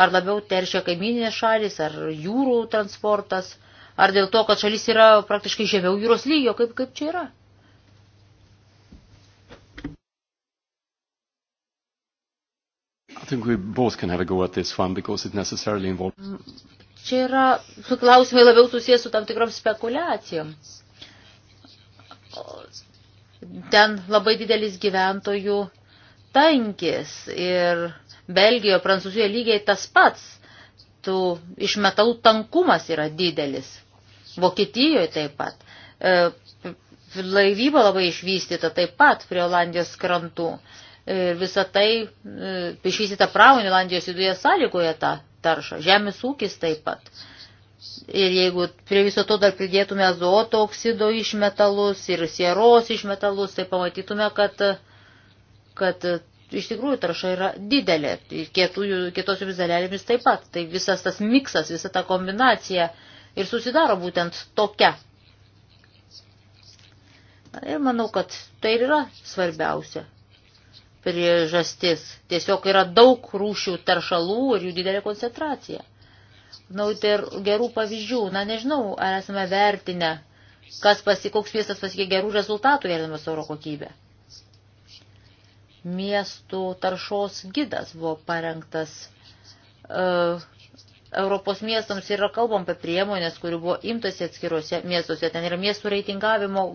Ar labiau teršia kaiminės šalis, ar jūrų transportas, ar dėl to, kad šalis yra praktiškai žemiau jūros lygio, kaip, kaip čia yra? think we both can have a go at this one because it necessarily involves. Mm, čia yra su klausimai labiau susijęs su tam tikrom spekulacijom. Ten labai didelis gyventojų tankis ir Belgijoje, Prancūzijoje lygiai tas pats. Tų išmetalų tankumas yra didelis. Vokietijoje taip pat. E, laivyba labai išvystyta taip pat prie Olandijos krantų. E, E, visą tai e, pišysi tą pramonį Landijos viduje sąlygoje tą taršą. Žemės ūkis taip pat. Ir jeigu prie viso to dar pridėtume azoto oksido išmetalus ir sieros išmetalus, tai pamatytume, kad, kad iš tikrųjų tarša yra didelė. Kietosiomis dalelėmis taip pat. Tai visas tas miksas, visa ta kombinacija ir susidaro būtent tokia. Ir manau, kad tai ir yra svarbiausia priežastis. Tiesiog yra daug rūšių taršalų ir jų didelė koncentracija. Na, tai ir gerų pavyzdžių. Na, nežinau, ar esame vertinę, kas pasi, koks miestas pasikė gerų rezultatų, vertinamas oro kokybę. Miestų taršos gidas buvo parengtas uh, Europos miestams ir kalbam apie priemonės, kurių buvo imtasi atskiruose miestuose. Ten yra miestų reitingavimo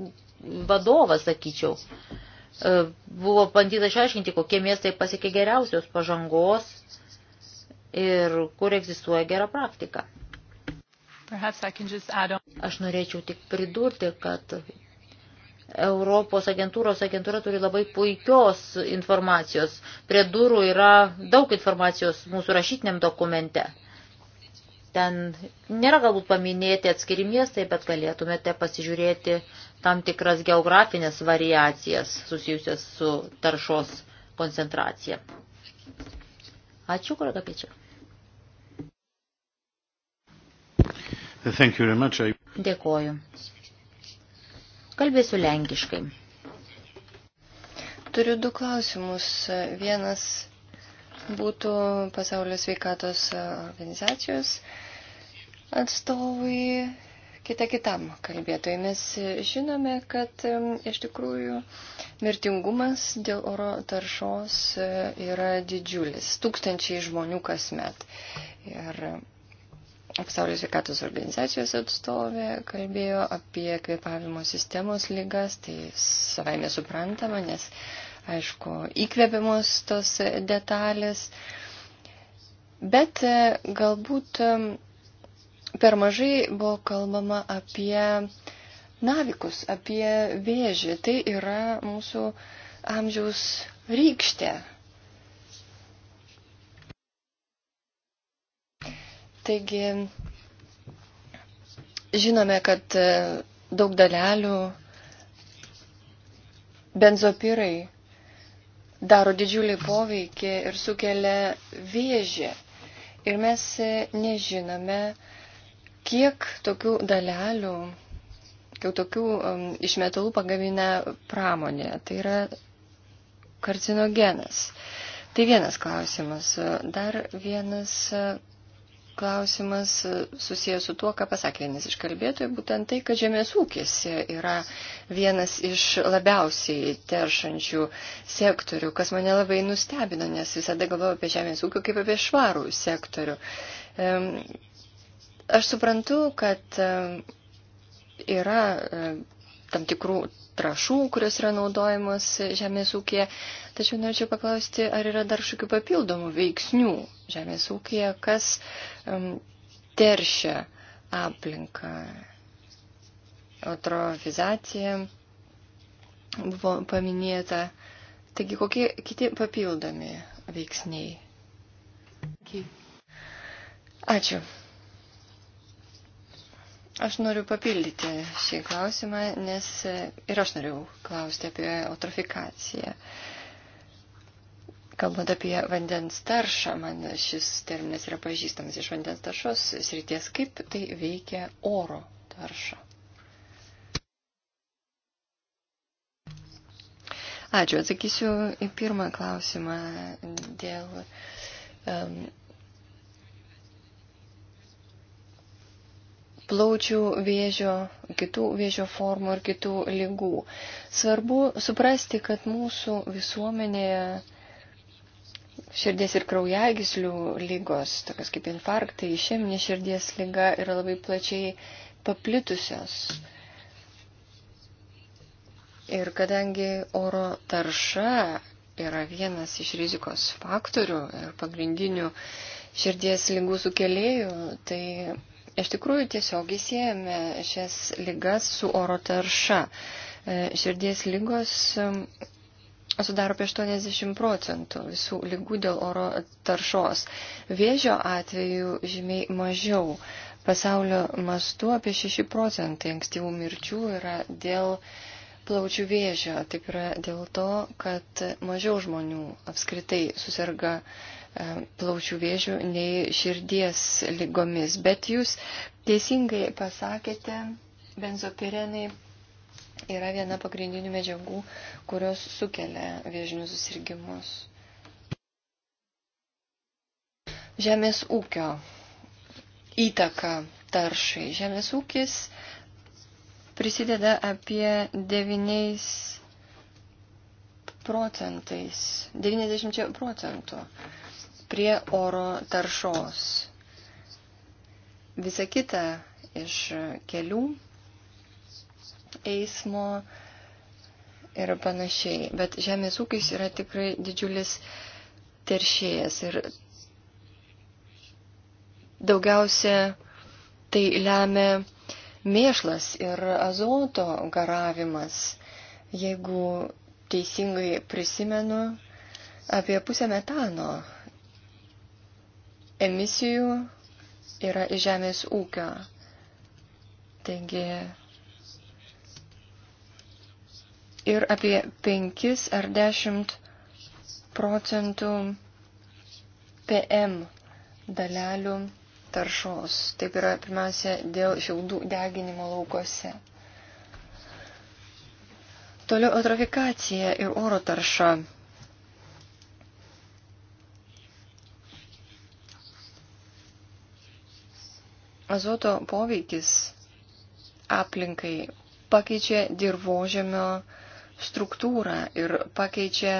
vadovas, sakyčiau. Uh, E, buvo bandyta išaiškinti, kokie miestai pasiekė geriausios pažangos ir kur egzistuoja gera praktika. Aš norėčiau tik pridurti, kad Europos agentūros agentūra turi labai puikios informacijos. Prie durų yra daug informacijos mūsų rašytiniam dokumente. Ten nėra galbūt paminėti atskiri miestai, bet galėtumėte pasižiūrėti tam tikras geografinės variacijas susijusias su taršos koncentracija. Ačiū, kolega Pečia. Thank you very much. I... Dėkoju. Kalbėsiu lenkiškai. Turiu du klausimus. Vienas būtų pasaulio sveikatos organizacijos atstovai kita kitam kalbėtojai. Mes žinome, kad iš tikrųjų mirtingumas dėl oro taršos e, yra didžiulis. Tūkstančiai žmonių kasmet. Ir pasaulio sveikatos organizacijos atstovė kalbėjo apie kvepavimo sistemos lygas. Tai savai nesuprantama, nes aišku, įkvėpimus tos detalės, bet e, galbūt e, per mažai buvo kalbama apie navikus, apie vėžį. Tai yra mūsų amžiaus rykštė. Taigi, žinome, kad e, daug dalelių benzopirai daro didžiulį poveikį ir sukelia vėžį. Ir mes nežinome, kiek tokių dalelių, kiek tokių um, iš metalų pagamina pramonė. Tai yra karcinogenas. Tai vienas klausimas. Dar vienas klausimas susijęs su tuo, ką pasakė vienas iš kalbėtojų, būtent tai, kad žemės ūkis yra vienas iš labiausiai teršančių sektorių, kas mane labai nustebino, nes visada galvojau apie žemės ūkį kaip apie švarų sektorių. Aš suprantu, kad yra tam tikrų trašų, kurios yra naudojamos žemės ūkėje, tačiau norėčiau paklausti, ar yra dar šokių papildomų veiksnių žemės ūkija, kas um, teršia aplinką. Eutrofizacija buvo paminėta. Taigi, kokie kiti papildomi veiksniai? Ačiū. Aš noriu papildyti šį klausimą, nes ir aš noriu klausti apie eutrofikaciją. Uh, Kalbant apie vandens taršą, man šis terminas yra pažįstamas iš vandens taršos srities, kaip tai veikia oro taršą. Ačiū, atsakysiu į pirmą klausimą dėl um, plaučių vėžio, kitų vėžio formų ir kitų lygų. Svarbu suprasti, kad mūsų visuomenėje Širdies ir kraujagyslių lygos, tokios kaip infarktai, išeminė širdies lyga yra labai plačiai paplitusios. Ir kadangi oro tarša yra vienas iš rizikos faktorių ir pagrindinių širdies lygų sukėlėjų, tai iš tikrųjų tiesiog įsiejame šias lygas su oro tarša. E, širdies lygos sudaro apie 80 procentų visų lygų dėl oro taršos. Vėžio atveju žymiai mažiau. Pasaulio mastu apie 6 procentai ankstyvų mirčių yra dėl plaučių vėžio. Taip yra dėl to, kad mažiau žmonių apskritai susirga e, plaučių vėžių nei širdies lygomis. Bet jūs teisingai pasakėte, benzopirenai yra viena pagrindinių medžiagų, kurios sukelia viežinius susirgymus. Žemės ūkio įtaka taršai. Žemės ūkis prisideda apie 9 procentais, 90 procentų prie oro taršos. Visa kita iš kelių eismo ir panašiai. Bet žemės ūkis yra tikrai didžiulis teršėjas ir daugiausia tai lemia mėšlas ir azoto garavimas. Jeigu teisingai prisimenu, apie pusę metano emisijų yra iš žemės ūkio. Taigi ir apie 5 ar 10 procentų PM dalelių taršos. Taip yra pirmiausia dėl šiaudų deginimo laukose. Toliau eutrofikacija ir oro tarša. Azoto poveikis aplinkai pakeičia dirbožemio struktūrą ir pakeičia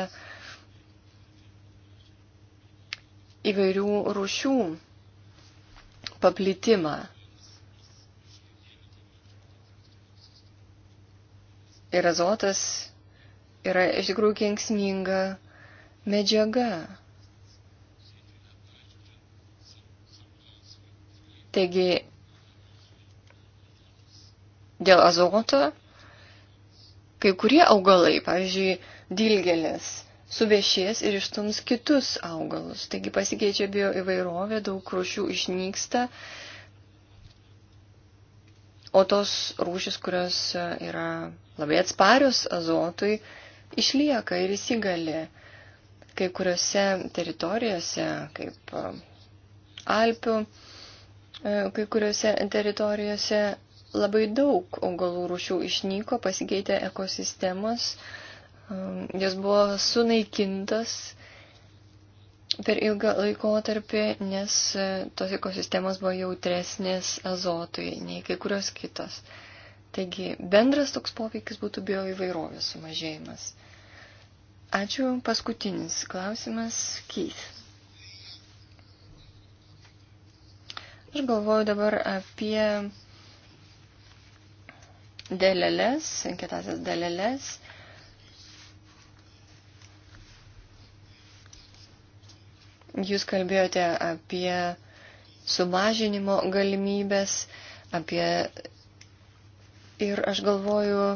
įvairių rušių paplitimą. Ir azotas yra iš tikrųjų kenksminga medžiaga. Taigi, dėl azoto kai kurie augalai, pavyzdžiui, dilgelės, suviešies ir ištums kitus augalus. Taigi pasikeičia bio įvairovė, daug rūšių išnyksta, o tos rūšis, kurios e, yra labai atsparios azotui, išlieka ir įsigali. Kai kuriuose teritorijose, kaip e, Alpių, e, kai kuriuose teritorijose labai daug augalų rūšių išnyko, pasikeitė ekosistemos, um, jos buvo sunaikintas per ilgą laikotarpį, nes e, tos ekosistemos buvo jautresnės azotui nei kai kurios kitos. Taigi bendras toks poveikis būtų bioįvairovės sumažėjimas. Ačiū. Paskutinis klausimas, Keith. Aš galvoju dabar apie dėlelės, kietasias dėlelės. Jūs kalbėjote apie sumažinimo galimybės, apie ir aš galvoju,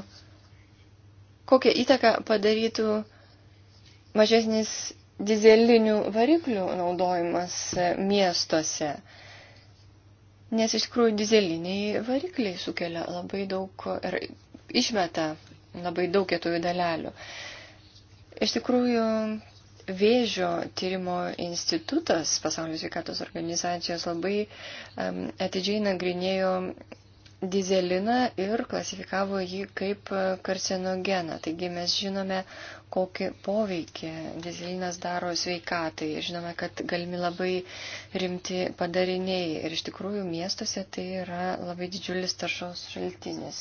kokią įtaką padarytų mažesnis dizelinių variklių naudojimas miestuose. Nes iš tikrųjų dizeliniai varikliai sukelia labai daug ir išmeta labai daug kietųjų dalelių. Iš tikrųjų, Vėžio tyrimo institutas pasaulio sveikatos organizacijos labai um, atidžiai nagrinėjo dizeliną ir klasifikavo jį kaip karcinogeną. Taigi mes žinome, kokį poveikį dizelinas daro sveikatai. Žinome, kad galimi labai rimti padariniai. Ir iš tikrųjų miestuose tai yra labai didžiulis taršos šaltinis.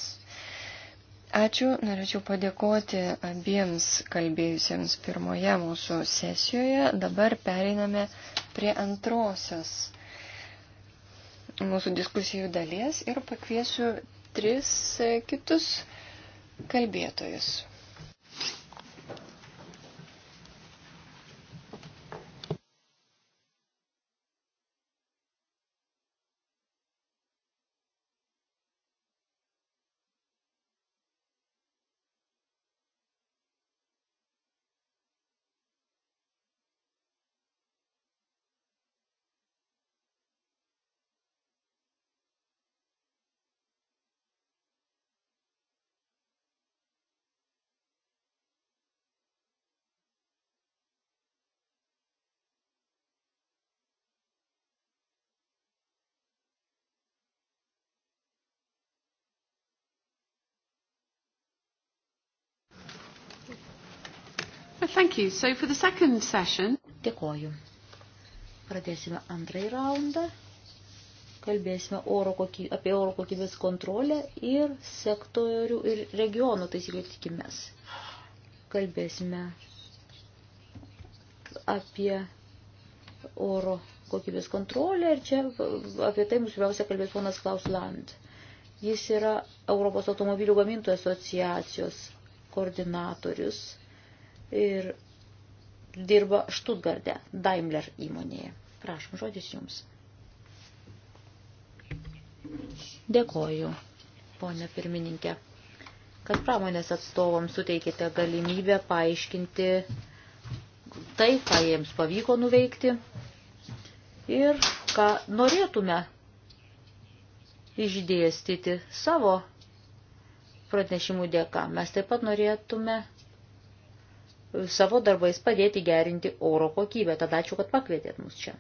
Ačiū, norėčiau padėkoti abiems kalbėjusiems pirmoje mūsų sesijoje. Dabar pereiname prie antrosios mūsų diskusijų dalies ir pakviesiu tris kitus kalbėtojus. Thank you. So for the second session... Dėkoju. Pradėsime antrąjį raundą. Kalbėsime oro koky, apie oro kokybės kontrolę ir sektorių ir regionų taisyklių tikimės. Kalbėsime apie oro kokybės kontrolę ir čia apie tai mūsų pirmiausia kalbės ponas Klaus Land. Jis yra Europos automobilių gamintojų asociacijos koordinatorius ir dirba Štutgarde, Daimler įmonėje. Prašom, žodis jums. Dėkoju, ponė pirmininkė, kad pramonės atstovams suteikite galimybę paaiškinti tai, ką jiems pavyko nuveikti ir ką norėtume išdėstyti savo pranešimų dėka. Mes taip pat norėtume savo darbais padėti gerinti oro kokybę. Tad ačiū, kad pakvietėt mus čia.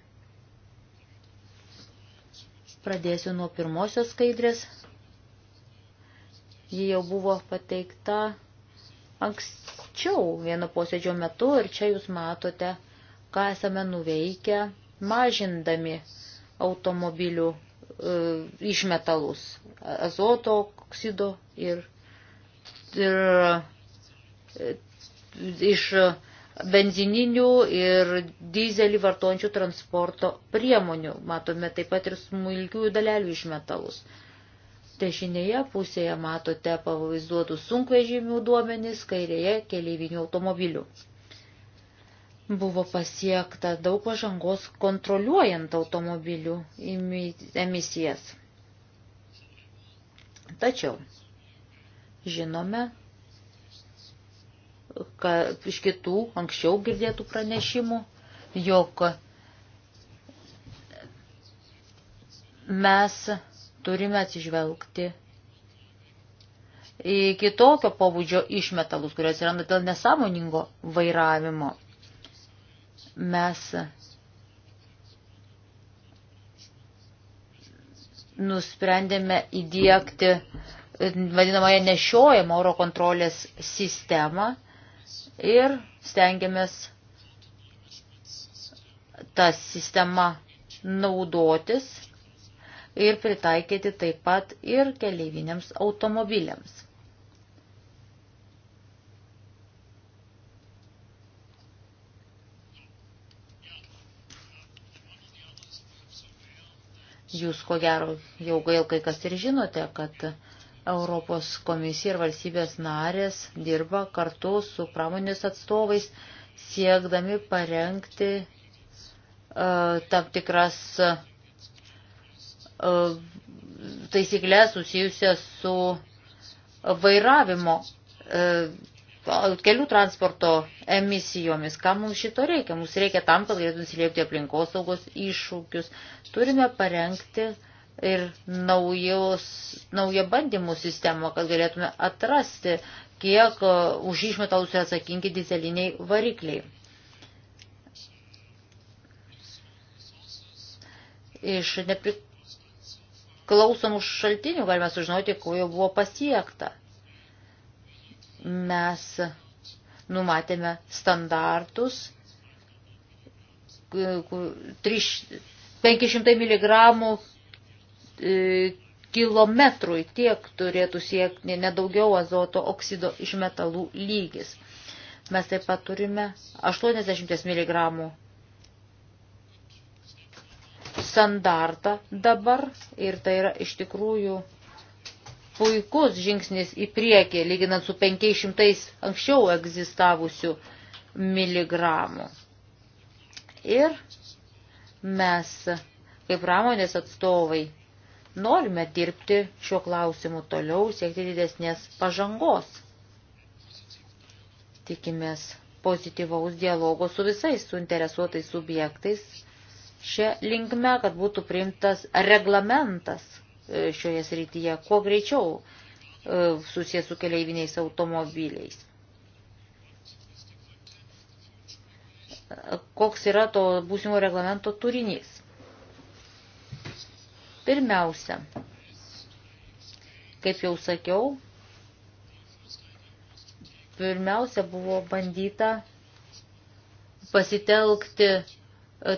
Pradėsiu nuo pirmosios skaidrės. Ji jau buvo pateikta anksčiau vieno posėdžio metu ir čia jūs matote, ką esame nuveikę, mažindami automobilių e, išmetalus – azoto, oksido ir, ir e, iš benzininių ir dizelį vartojančių transporto priemonių. Matome taip pat ir smulkiųjų dalelių išmetalus. Dešinėje pusėje matote pavaizduotų sunkvežimių duomenys, kairėje keleivinių automobilių. Buvo pasiekta daug pažangos kontroliuojant automobilių emisijas. Tačiau žinome, kad iš kitų anksčiau girdėtų pranešimų, jog mes turime atsižvelgti į kitokio pobūdžio išmetalus, kurios yra dėl nesąmoningo vairavimo. Mes nusprendėme įdėkti vadinamąją nešiojimo oro kontrolės sistemą ir stengiamės tą sistemą naudotis ir pritaikyti taip pat ir keleiviniams automobiliams. Jūs ko gero jau gal kai kas ir žinote, kad Europos komisija ir valstybės narės dirba kartu su pramonės atstovais, siekdami parengti uh, tam tikras uh, taisyklės susijusias su vairavimo uh, kelių transporto emisijomis. Ką mums šito reikia? Mums reikia tam, kad galėtume atsiliepti aplinkosaugos iššūkius. Turime parengti uh, ir naujos, naują bandymų sistemą, kad galėtume atrasti, kiek už išmetalus yra atsakingi dizeliniai varikliai. Iš nepriklausomų šaltinių galime sužinoti, ko jau buvo pasiekta. Mes numatėme standartus 3, 500 mg E, kilometrui tiek turėtų siekti nedaugiau azoto oksido iš metalų lygis. Mes taip pat turime 80 mg standartą dabar ir tai yra iš tikrųjų puikus žingsnis į priekį, lyginant su 500 anksčiau egzistavusių miligramų. Ir mes, kaip pramonės atstovai, Norime dirbti šiuo klausimu toliau, siekti didesnės pažangos. Tikimės pozityvaus dialogo su visais suinteresuotais subjektais šią linkme, kad būtų priimtas reglamentas e, šioje srityje kuo greičiau e, susijęs su keleiviniais automobiliais. E, koks yra to būsimo reglamento turinys? Pirmiausia, kaip jau sakiau, pirmiausia buvo bandyta pasitelkti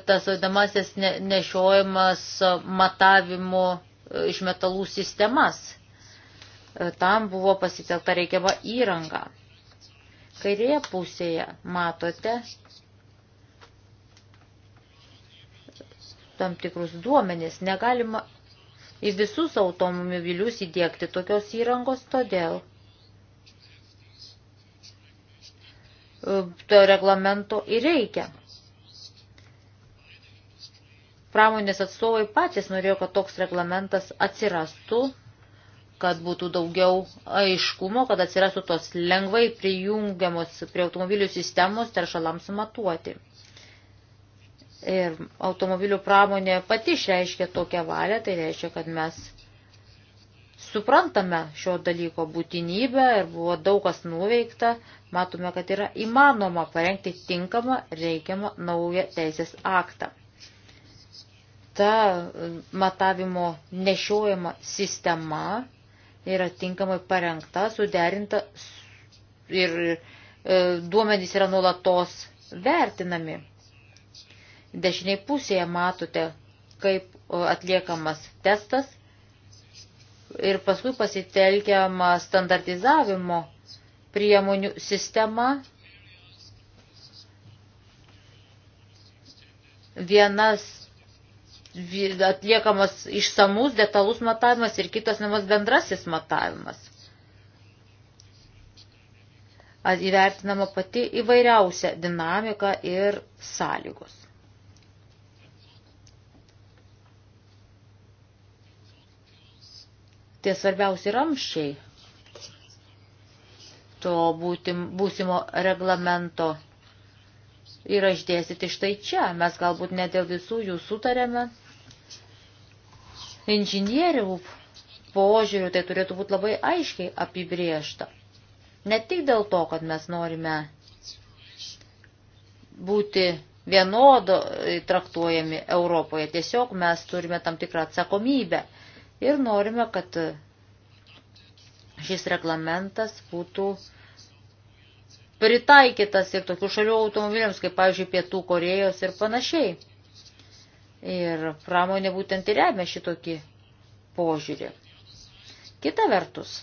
tas vadinamasis nešiojimas matavimo e, iš metalų sistemas. E, tam buvo pasitelkta reikiama įranga. Kairėje pusėje matote tam tikrus duomenis. Negalima į visus automobilius įdėkti tokios įrangos, todėl e, to reglamento ir reikia. Pramonės atstovai patys norėjo, kad toks reglamentas atsirastų, kad būtų daugiau aiškumo, kad atsirastų tos lengvai prijungiamos prie automobilių sistemos teršalams matuoti. Ir automobilių pramonė pati išreiškia tokią valią, tai reiškia, kad mes suprantame šio dalyko būtinybę ir buvo daug kas nuveikta, matome, kad yra įmanoma parengti tinkamą reikiamą naują teisės aktą. Ta e, matavimo nešiojama sistema yra tinkamai parengta, suderinta ir e, duomenys yra nulatos vertinami. Dešiniai pusėje matote, kaip atliekamas testas ir paskui pasitelkiama standartizavimo priemonių sistema. Vienas atliekamas išsamus detalus matavimas ir kitas namas bendrasis matavimas. Įvertinama pati įvairiausia dinamika ir sąlygos. tie svarbiausi ramščiai to būtim, būsimo reglamento yra išdėstyti štai čia. Mes galbūt ne dėl visų jų sutarėme. Inžinierių požiūrių tai turėtų būti labai aiškiai apibriešta. Ne tik dėl to, kad mes norime būti vienodo traktuojami Europoje. Tiesiog mes turime tam tikrą atsakomybę ir norime, kad šis reglamentas būtų pritaikytas ir tokių šalių automobiliams, kaip, pavyzdžiui, Pietų Korejos ir panašiai. Ir pramonė būtent ir remia šitokį požiūrį. Kita vertus,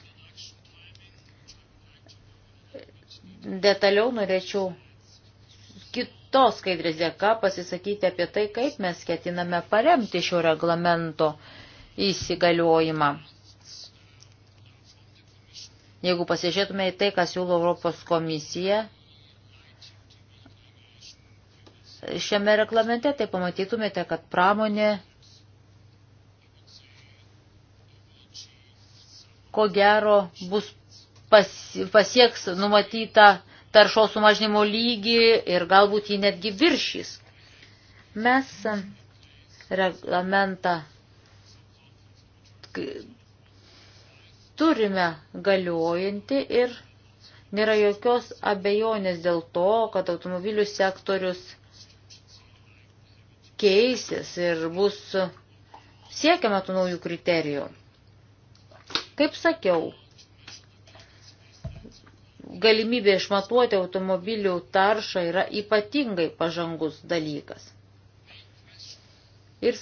detaliau norėčiau kitos skaidrės dėka pasisakyti apie tai, kaip mes ketiname paremti šio reglamento uh, įsigaliojimą. Jeigu pasižiūrėtume į tai, ką siūlo Europos komisija, šiame reglamente, tai pamatytumėte, kad pramonė ko gero bus pas, pasieks numatytą taršos sumažinimo lygį ir galbūt jį netgi viršys. Mes reglamentą turime galiojantį ir nėra jokios abejonės dėl to, kad automobilių sektorius keisis ir bus siekiama tų naujų kriterijų. Kaip sakiau, galimybė išmatuoti automobilių taršą yra ypatingai pažangus dalykas. Ir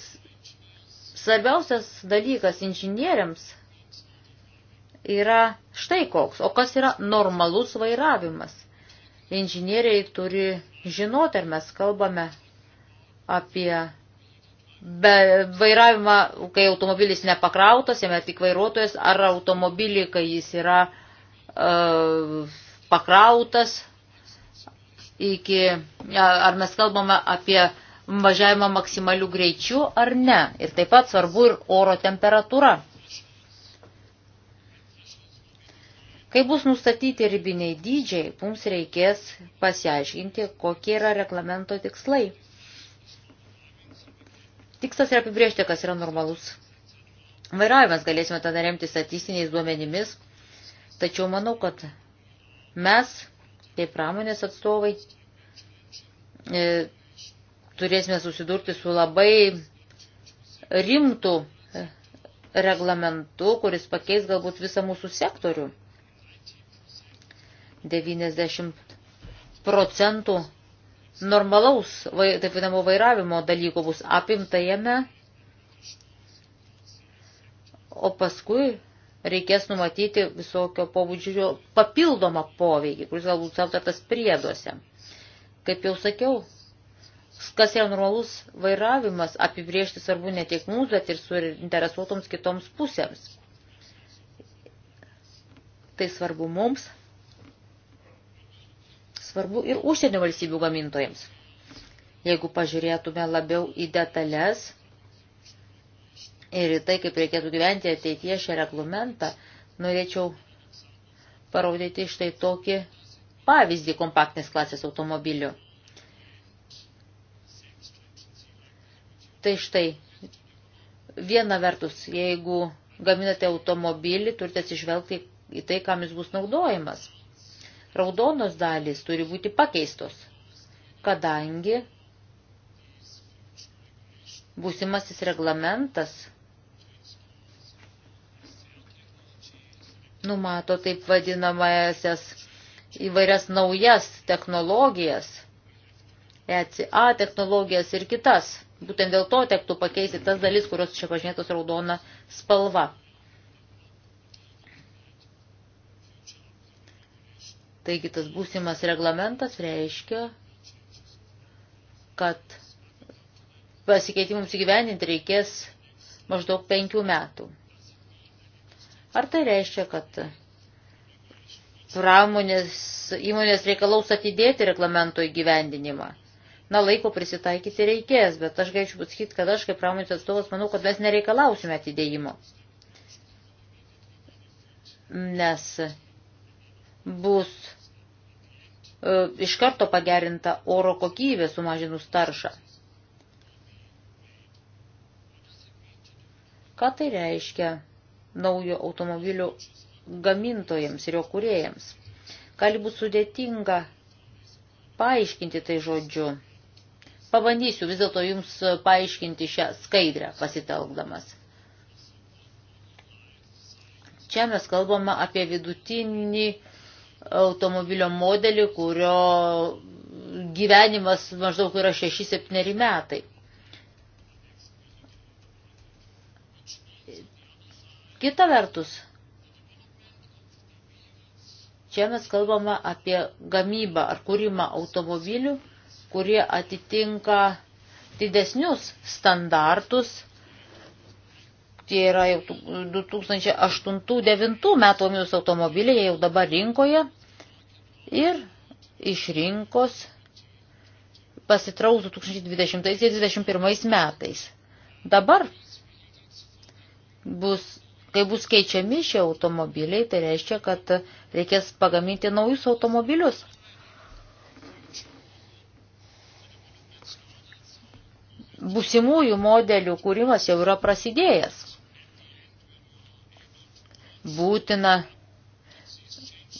Svarbiausias dalykas inžinieriams yra štai koks, o kas yra normalus vairavimas. Inžinieriai turi žinoti, ar mes kalbame apie be vairavimą, kai automobilis nepakrautas, jame tik vairuotojas, ar automobilį, kai jis yra e, pakrautas, iki, ar mes kalbame apie važiavimą maksimalių greičių ar ne. Ir taip pat svarbu ir oro temperatūra. Kai bus nustatyti ribiniai dydžiai, mums reikės pasiaiškinti, kokie yra reglamento tikslai. Tikslas yra apibriežti, kas yra normalus. Vairavimas galėsime tada remti statistiniais duomenimis, tačiau manau, kad mes, kaip pramonės atstovai, e, turėsime susidurti su labai rimtų reglamentu, kuris pakeis galbūt visą mūsų sektorių. 90 procentų normalaus, taip vadinamo, vairavimo dalyko bus apimta jame, o paskui reikės numatyti visokio pobūdžio papildomą poveikį, kuris galbūt aptartas prieduose. Kaip jau sakiau, kas yra normalus vairavimas, apibriežti svarbu ne tiek mums, bet ir suinteresuotoms kitoms pusėms. Tai svarbu mums, svarbu ir užsienio valstybių gamintojams. Jeigu pažiūrėtume labiau į detalės ir į tai, kaip reikėtų gyventi ateityje šią reglamentą, norėčiau parodyti štai tokį pavyzdį kompaktinės klasės automobilių. Tai štai, viena vertus, jeigu gaminate automobilį, turite atsižvelgti į tai, kam jis bus naudojamas. Raudonos dalys turi būti pakeistos, kadangi būsimasis reglamentas numato taip vadinamąsias įvairias naujas technologijas, ECA technologijas ir kitas. Būtent dėl to tektų pakeisti tas dalis, kurios čia pažymėtos raudona spalva. Taigi tas būsimas reglamentas reiškia, kad pasikeitimams įgyveninti reikės maždaug penkių metų. Ar tai reiškia, kad pramonės įmonės reikalaus atidėti reglamento įgyvendinimą? Na, laiko prisitaikyti reikės, bet aš galėčiau pasakyti, kad aš kaip pramonės atstovas manau, kad mes nereikalausime atidėjimo. Nes bus e, iš karto pagerinta oro kokybė sumažinus taršą. Ką tai reiškia naujo automobilių gamintojams ir jo kūrėjams? Gali būti sudėtinga paaiškinti tai žodžiu. Pabandysiu vis dėlto jums paaiškinti šią skaidrę pasitelkdamas. Čia mes kalbame apie vidutinį automobilio modelį, kurio gyvenimas maždaug yra 6-7 metai. Kita vertus, čia mes kalbame apie gamybą ar kūrimą automobilių kurie atitinka didesnius standartus. Tie yra jau 2008-2009 metų amžiaus automobiliai jau dabar rinkoje ir iš rinkos pasitraus 2020-2021 metais. Dabar bus, kai bus keičiami šie automobiliai, tai reiškia, kad reikės pagaminti naujus automobilius Būsimųjų modelių kūrimas jau yra prasidėjęs. Būtina,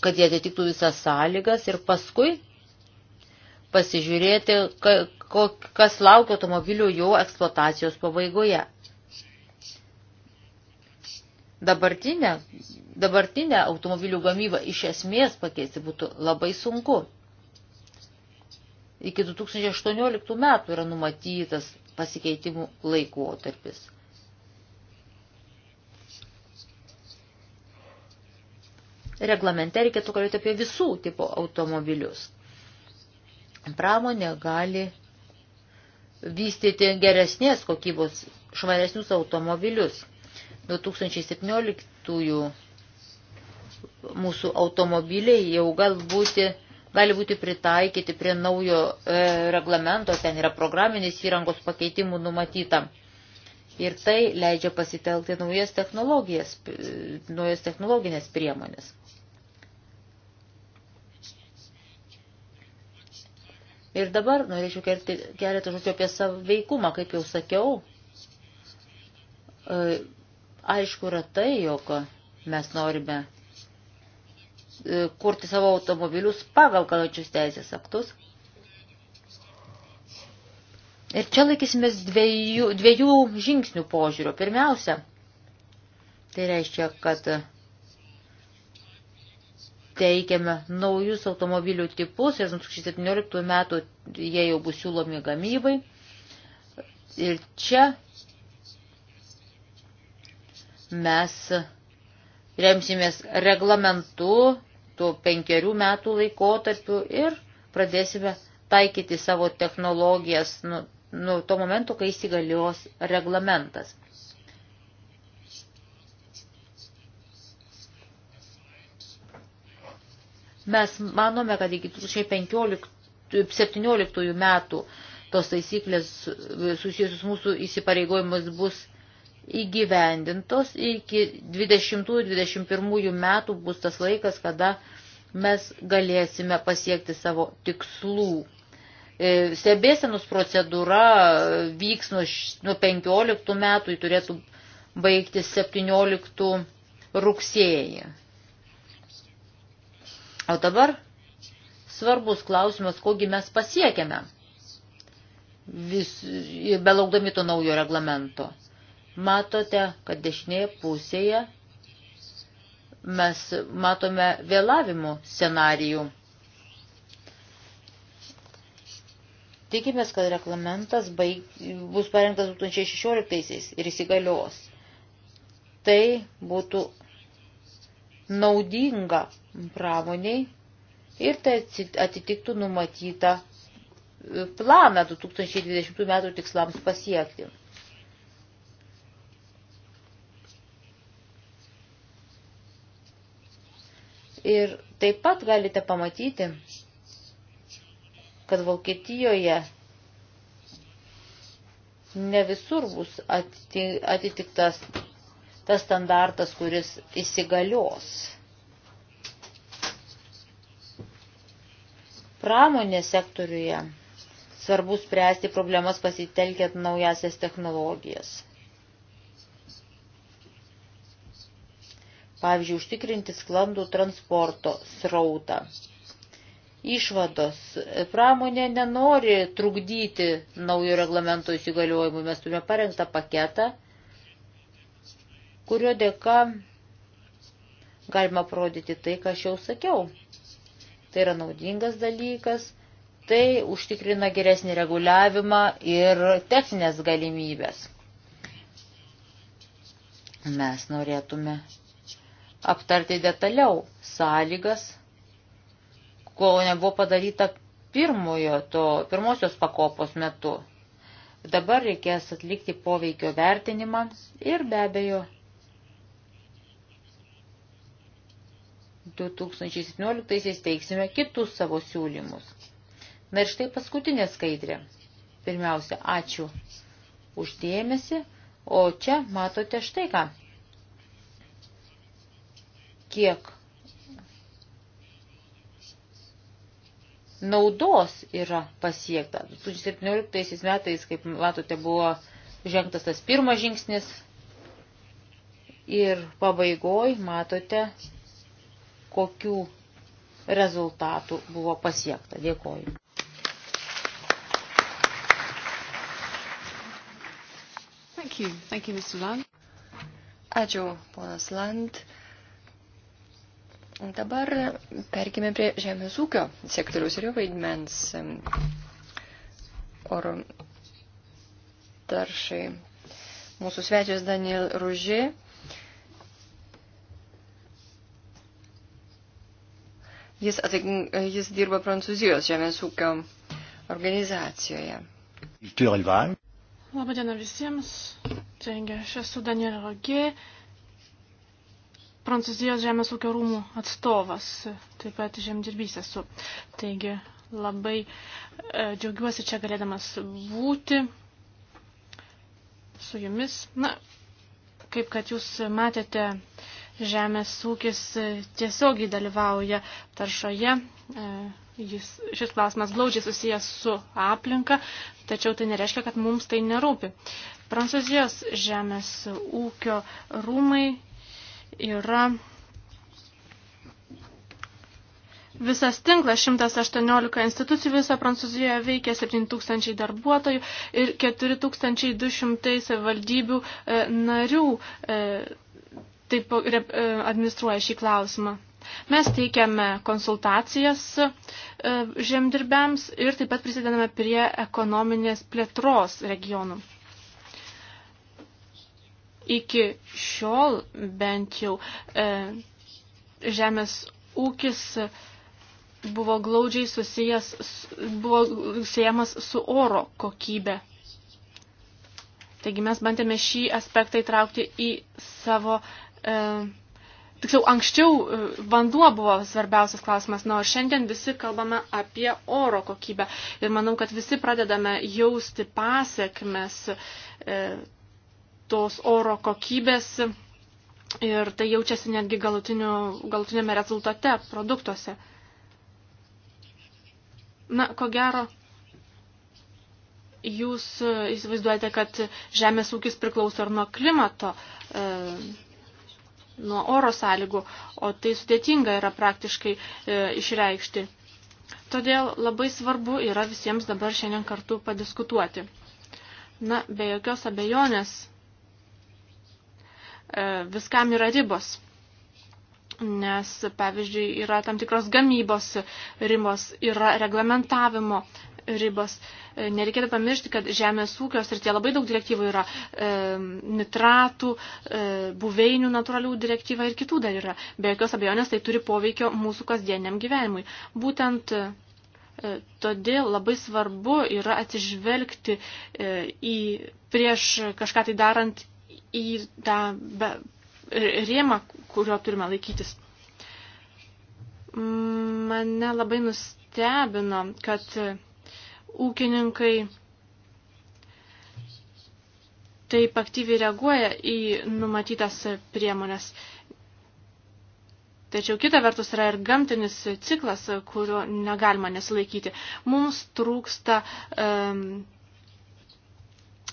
kad jie atitiktų visas sąlygas ir paskui pasižiūrėti, kas laukia automobilių jau eksploatacijos pabaigoje. Dabartinę, dabartinę automobilių gamybą iš esmės pakeisti būtų labai sunku iki 2018 metų yra numatytas pasikeitimų laikotarpis. Reglamente reikėtų kalbėti apie visų tipo automobilius. Pramonė gali vystyti geresnės kokybos švaresnius automobilius. 2017 mūsų automobiliai jau galbūt gali būti pritaikyti prie naujo e, reglamento, ten yra programinis įrangos pakeitimų numatyta. Ir tai leidžia pasitelkti naujas, technologijas, naujas technologinės priemonės. Ir dabar norėčiau kelti keletą žodžių apie saveikumą, kaip jau sakiau. E, aišku yra tai, jog mes norime E, kurti savo automobilius pagal galiojančius teisės aktus. Ir čia laikysimės dviejų, dviejų žingsnių požiūrio. Pirmiausia, tai reiškia, kad teikiame naujus automobilių tipus ir 2017 metų jie jau bus siūlomi gamybai. Ir čia mes remsimės reglamentu tų penkerių metų laikotarpių ir pradėsime taikyti savo technologijas nuo nu, nu to momento, kai įsigalios reglamentas. Mes manome, kad iki 2017 metų tos taisyklės susijusius mūsų įsipareigojimus bus įgyvendintos iki 20-21 metų bus tas laikas, kada mes galėsime pasiekti savo tikslų. E, stebėsenos procedūra vyks nuo 15 metų, jį turėtų baigti 17 rugsėjį. O dabar svarbus klausimas, kogi mes pasiekėme, vis, belaukdami to naujo reglamento matote, kad dešinėje pusėje mes matome vėlavimų scenarijų. Tikimės, kad reglamentas baig... bus parengtas 2016 ir įsigalios. Tai būtų naudinga pramoniai ir tai atitiktų numatytą e, planą 2020 metų tikslams pasiekti. Ir taip pat galite pamatyti, kad Vokietijoje ne visur bus atitiktas tas standartas, kuris įsigalios. Pramonės sektoriuje svarbu spręsti problemas pasitelkiant naujasias technologijas. pavyzdžiui, užtikrinti sklandų transporto srautą. Išvados. Pramonė nenori trukdyti naujo reglamento įsigaliojimui. Mes turime parengtą paketą, kurio dėka galima parodyti tai, ką aš jau sakiau. Tai yra naudingas dalykas, tai užtikrina geresnį reguliavimą ir techninės galimybės. Mes norėtume aptarti detaliau sąlygas, ko nebuvo padaryta pirmojo to, pirmosios pakopos metu. Dabar reikės atlikti poveikio vertinimą ir be abejo 2017 teiksime kitus savo siūlymus. Na ir štai paskutinė skaidrė. Pirmiausia, ačiū uždėmesi, o čia matote štai ką kiek naudos yra pasiekta. 2017 metais, kaip matote, buvo žengtas tas pirmas žingsnis ir pabaigoj matote, kokių rezultatų buvo pasiekta. Dėkoju. Thank you. Thank you, Mr. Land. Ačiū, ponas Land. Dabar perkime prie žemės ūkio sektoriaus ir jo vaidmens oro taršai. Mūsų svečias Daniel Ruži. Jis, atsaking, jis dirba Prancūzijos žemės ūkio organizacijoje. Labadiena visiems. Čia esu Daniel Rogė Prancūzijos žemės ūkio rūmų atstovas, taip pat žemdirbys esu. Taigi labai e, džiaugiuosi čia galėdamas būti su jumis. Na, kaip kad jūs matėte, žemės ūkis tiesiogiai dalyvauja taršoje. E, jis, šis klausimas glaudžiai susijęs su aplinka, tačiau tai nereiškia, kad mums tai nerūpi. Prancūzijos žemės ūkio rūmai yra visas tinklas 118 institucijų viso Prancūzijoje veikia 7000 darbuotojų ir 4200 savivaldybių e, narių e, taip e, administruoja šį klausimą. Mes teikiame konsultacijas e, žemdirbiams ir taip pat prisidedame prie ekonominės plėtros regionų iki šiol bent jau e, žemės ūkis buvo glaudžiai susijęs, buvo siejamas su oro kokybė. Taigi mes bandėme šį aspektą įtraukti į savo, e, tiksliau anksčiau e, vanduo buvo svarbiausias klausimas, na, o šiandien visi kalbame apie oro kokybę. Ir manau, kad visi pradedame jausti pasiekmes e, tos oro kokybės ir tai jaučiasi netgi galutinėme rezultate, produktuose. Na, ko gero, jūs įsivaizduojate, kad žemės ūkis priklauso ir nuo klimato, e, nuo oro sąlygų, o tai sudėtinga yra praktiškai e, išreikšti. Todėl labai svarbu yra visiems dabar šiandien kartu padiskutuoti. Na, be jokios abejonės E, viskam yra ribos. Nes, pavyzdžiui, yra tam tikros gamybos ribos, yra reglamentavimo ribos. E, nereikėtų pamiršti, kad žemės ūkios ir tie labai daug direktyvų yra e, nitratų, e, buveinių natūralių direktyva ir kitų dar yra. Be jokios abejonės tai turi poveikio mūsų kasdieniam gyvenimui. Būtent e, Todėl labai svarbu yra atsižvelgti į prieš kažką tai darant į tą be, rėmą, kurio turime laikytis. Mane labai nustebino, kad ūkininkai taip aktyviai reaguoja į numatytas priemonės. Tačiau kita vertus yra ir gamtinis ciklas, kurio negalima nesilaikyti. Mums trūksta, um,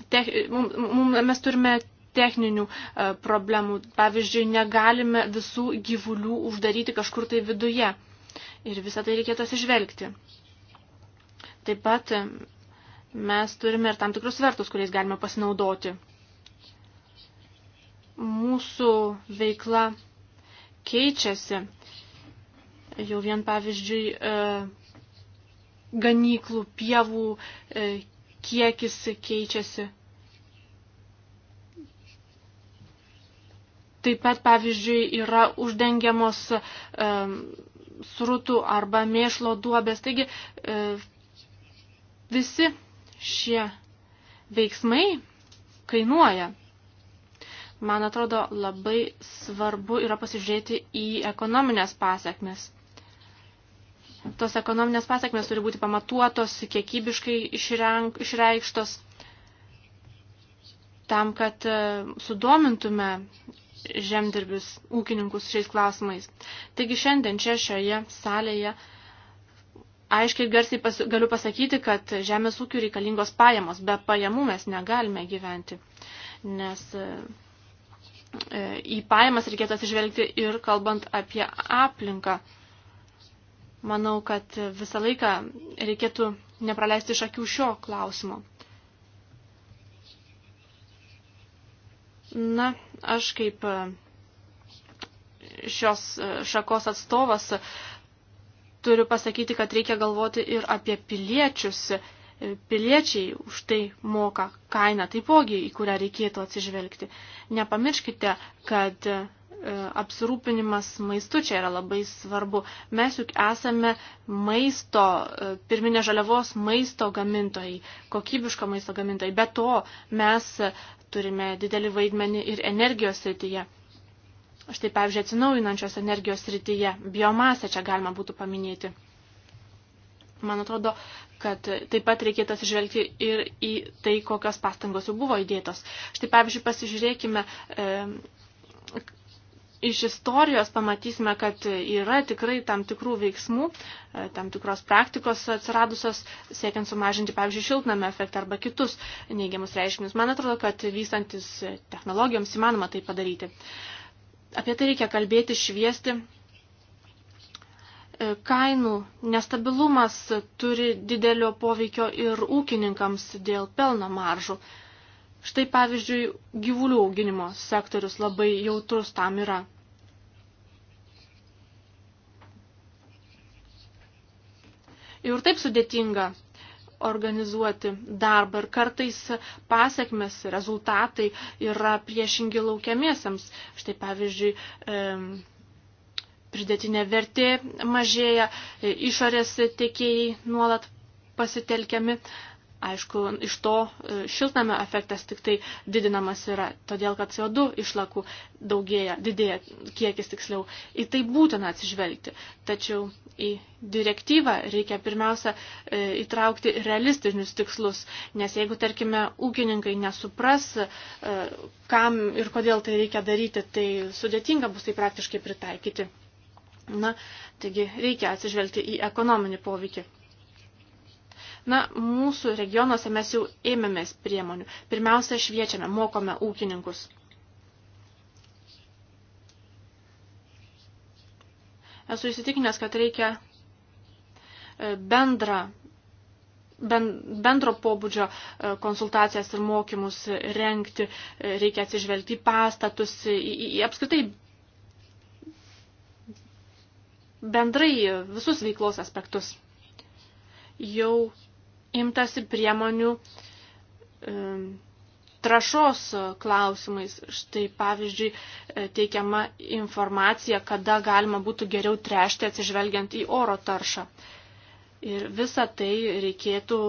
te, mum, mum, mes turime techninių e, problemų. Pavyzdžiui, negalime visų gyvulių uždaryti kažkur tai viduje. Ir visą tai reikėtų atsižvelgti. Taip pat e, mes turime ir tam tikrus vertus, kuriais galime pasinaudoti. Mūsų veikla keičiasi. Jau vien pavyzdžiui, e, ganyklų, pievų kiekis keičiasi. Taip pat, pavyzdžiui, yra uždengiamos e, srutų arba mėšlo duobės. Taigi e, visi šie veiksmai kainuoja. Man atrodo, labai svarbu yra pasižiūrėti į ekonominės pasiekmes. Tos ekonominės pasiekmes turi būti pamatuotos, kiekybiškai išrenk, išreikštos, tam, kad e, sudomintume žemdirbius, ūkininkus šiais klausimais. Taigi šiandien čia šioje salėje aiškiai garsiai pas, galiu pasakyti, kad žemės ūkių reikalingos pajamos. Be pajamų mes negalime gyventi, nes e, e, į pajamas reikėtų atsižvelgti ir kalbant apie aplinką. Manau, kad visą laiką reikėtų nepraleisti iš akių šio klausimo. Na, aš kaip e, šios e, šakos atstovas turiu pasakyti, kad reikia galvoti ir apie piliečius. E, piliečiai už tai moka kainą taipogi, į kurią reikėtų atsižvelgti. Nepamirškite, kad E, apsirūpinimas maistu čia yra labai svarbu. Mes juk esame maisto, e, pirminė žaliavos maisto gamintojai, kokybiško maisto gamintojai. Be to, mes turime didelį vaidmenį ir energijos srityje. Štai, pavyzdžiui, atsinaujinančios energijos srityje biomasę čia galima būtų paminėti. Man atrodo, kad taip pat reikėtų atsižvelgti ir į tai, kokios pastangos jau buvo įdėtos. Štai, pavyzdžiui, pasižiūrėkime, e, iš istorijos pamatysime, kad yra tikrai tam tikrų veiksmų, e, tam tikros praktikos atsiradusios, siekiant sumažinti, pavyzdžiui, šiltnamio efektą arba kitus neigiamus reiškinius. Man atrodo, kad vystantis technologijoms įmanoma tai padaryti. Apie tai reikia kalbėti, šviesti. E, kainų nestabilumas turi didelio poveikio ir ūkininkams dėl pelno maržų. Štai pavyzdžiui, gyvulių auginimo sektorius labai jautrus tam yra. Ir taip sudėtinga organizuoti darbą ir kartais pasiekmes, rezultatai yra priešingi laukiamiesiams. Štai pavyzdžiui, pridėtinė vertė mažėja, e, išorės tiekėjai nuolat pasitelkiami. Aišku, iš to e, šiltnamio efektas tik tai didinamas yra, todėl kad CO2 išlakų daugėja, didėja kiekis tiksliau. Į tai būtina atsižvelgti. Tačiau į direktyvą reikia pirmiausia e, įtraukti realistinius tikslus, nes jeigu, tarkime, ūkininkai nesupras, e, kam ir kodėl tai reikia daryti, tai sudėtinga bus tai praktiškai pritaikyti. Na, taigi reikia atsižvelgti į ekonominį poveikį. Na, mūsų regionuose mes jau ėmėmės priemonių. Pirmiausia, šviečiame, mokome ūkininkus. Esu įsitikinęs, kad reikia e, bendrą, bendro pobūdžio e, konsultacijas ir mokymus renkti, e, reikia atsižvelgti į pastatus, į, į, į apskritai bendrai visus veiklos aspektus. Jau imtasi priemonių e, trašos klausimais. Štai pavyzdžiui, e, teikiama informacija, kada galima būtų geriau trešti atsižvelgiant į oro taršą. Ir visą tai reikėtų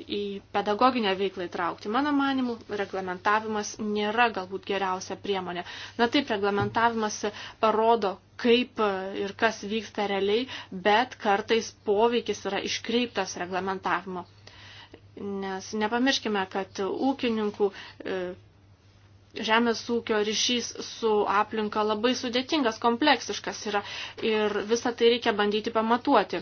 į pedagoginę veiklą įtraukti. Mano manimu, reglamentavimas nėra galbūt geriausia priemonė. Na taip, reglamentavimas parodo, kaip ir kas vyksta realiai, bet kartais poveikis yra iškreiptas reglamentavimo. Nes nepamirškime, kad ūkininkų e, žemės ūkio ryšys su aplinka labai sudėtingas, kompleksiškas yra ir visą tai reikia bandyti pamatuoti.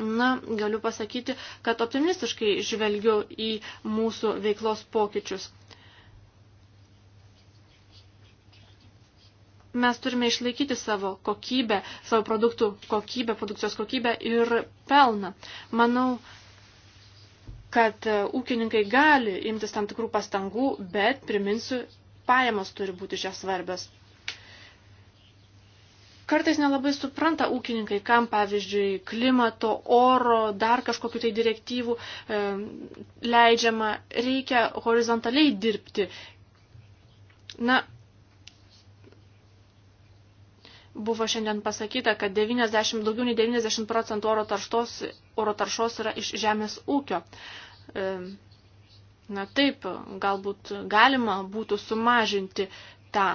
Na, galiu pasakyti, kad optimistiškai žvelgiu į mūsų veiklos pokyčius. Mes turime išlaikyti savo kokybę, savo produktų kokybę, produkcijos kokybę ir pelną. Manau, kad e, ūkininkai gali imtis tam tikrų pastangų, bet priminsiu, pajamos turi būti šias svarbios. Kartais nelabai supranta ūkininkai, kam pavyzdžiui klimato, oro, dar kažkokiu tai direktyvų e, leidžiama, reikia horizontaliai dirbti. Na, buvo šiandien pasakyta, kad 90, daugiau nei 90 procentų oro taršos, oro taršos yra iš žemės ūkio. E, na taip, galbūt galima būtų sumažinti tą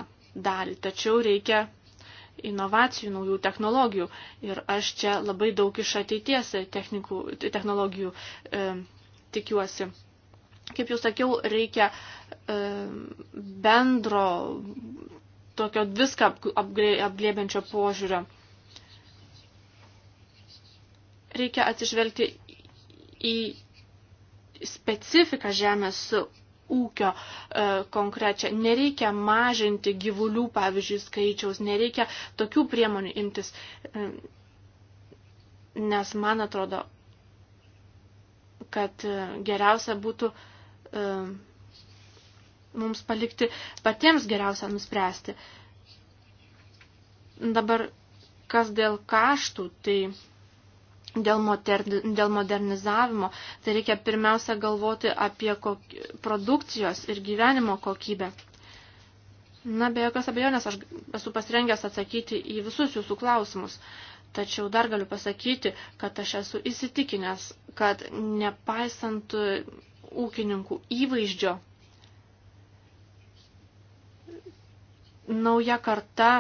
dalį, tačiau reikia inovacijų, naujų technologijų. Ir aš čia labai daug iš ateities technikų, technologijų e, tikiuosi. Kaip jau sakiau, reikia e, bendro, tokio viską apglėbiančio požiūrio. Reikia atsižvelgti į specifiką žemės ūkio e, konkrečią. Nereikia mažinti gyvulių, pavyzdžiui, skaičiaus, nereikia tokių priemonių imtis, e, nes man atrodo, kad e, geriausia būtų e, mums palikti patiems geriausia nuspręsti. Dabar, kas dėl kaštų, tai dėl, moder, dėl modernizavimo, tai reikia pirmiausia galvoti apie kok, produkcijos ir gyvenimo kokybę. Na, be jokios abejonės, aš esu pasirengęs atsakyti į visus jūsų klausimus. Tačiau dar galiu pasakyti, kad aš esu įsitikinęs, kad nepaisant ūkininkų įvaizdžio, nauja karta,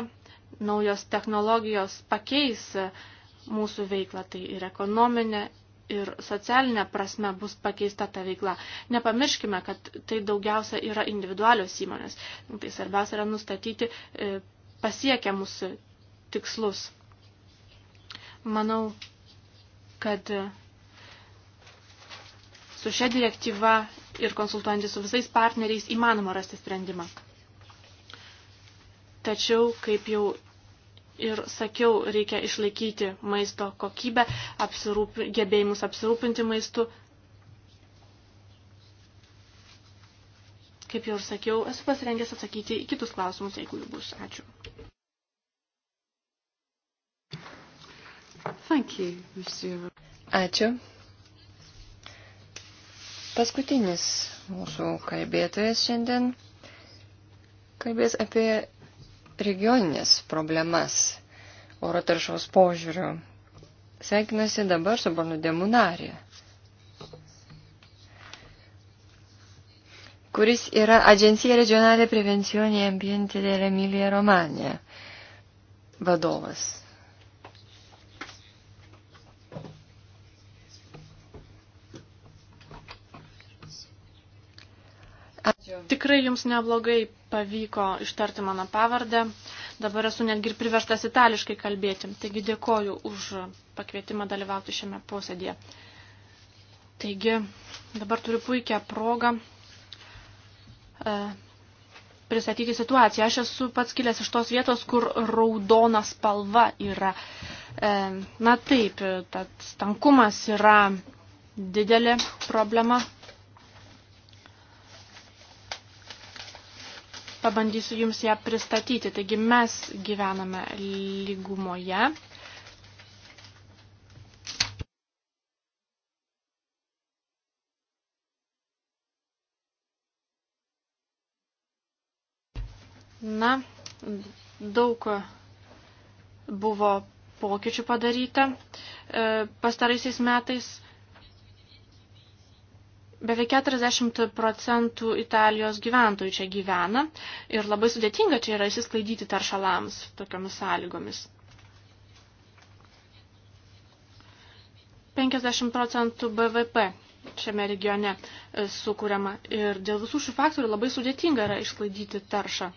naujos technologijos pakeis uh, mūsų veiklą, tai ir ekonominė, ir socialinė prasme bus pakeista ta veikla. Nepamirškime, kad tai daugiausia yra individualios įmonės. Tai svarbiausia yra nustatyti e, pasiekiamus tikslus. Manau, kad su šia direktyva ir konsultuojantis su visais partneriais įmanoma rasti sprendimą. Tačiau, kaip jau ir sakiau, reikia išlaikyti maisto kokybę, apsirūp, gebėjimus apsirūpinti maistu. Kaip jau ir sakiau, esu pasirengęs atsakyti į kitus klausimus, jeigu jų bus. Ačiū. Thank you, monsieur. Ačiū. Paskutinis mūsų kalbėtojas šiandien kalbės apie regioninės problemas oro taršos požiūrių. Sveikinasi dabar su Bonu Demunarė, kuris yra Agencija regionalė prevencionė ambientė dėl Emilija Romanė vadovas. Ačiū. Tikrai jums neblogai pavyko ištarti mano pavardę. Dabar esu netgi ir priverstas itališkai kalbėti. Taigi dėkoju už pakvietimą dalyvauti šiame posėdėje. Taigi dabar turiu puikią progą e, pristatyti situaciją. Aš esu pats kilęs iš tos vietos, kur raudona spalva yra. E, na taip, e, tad stankumas yra didelė problema, pabandysiu jums ją pristatyti. Taigi mes gyvename lygumoje. Na, daug buvo pokyčių padaryta e, pastaraisiais metais Beveik 40 procentų Italijos gyventojų čia gyvena ir labai sudėtinga čia yra įsisklaidyti taršalams tokiomis sąlygomis. 50 procentų BVP šiame regione e, sukūriama ir dėl visų šių faktorių labai sudėtinga yra išsklaidyti taršą.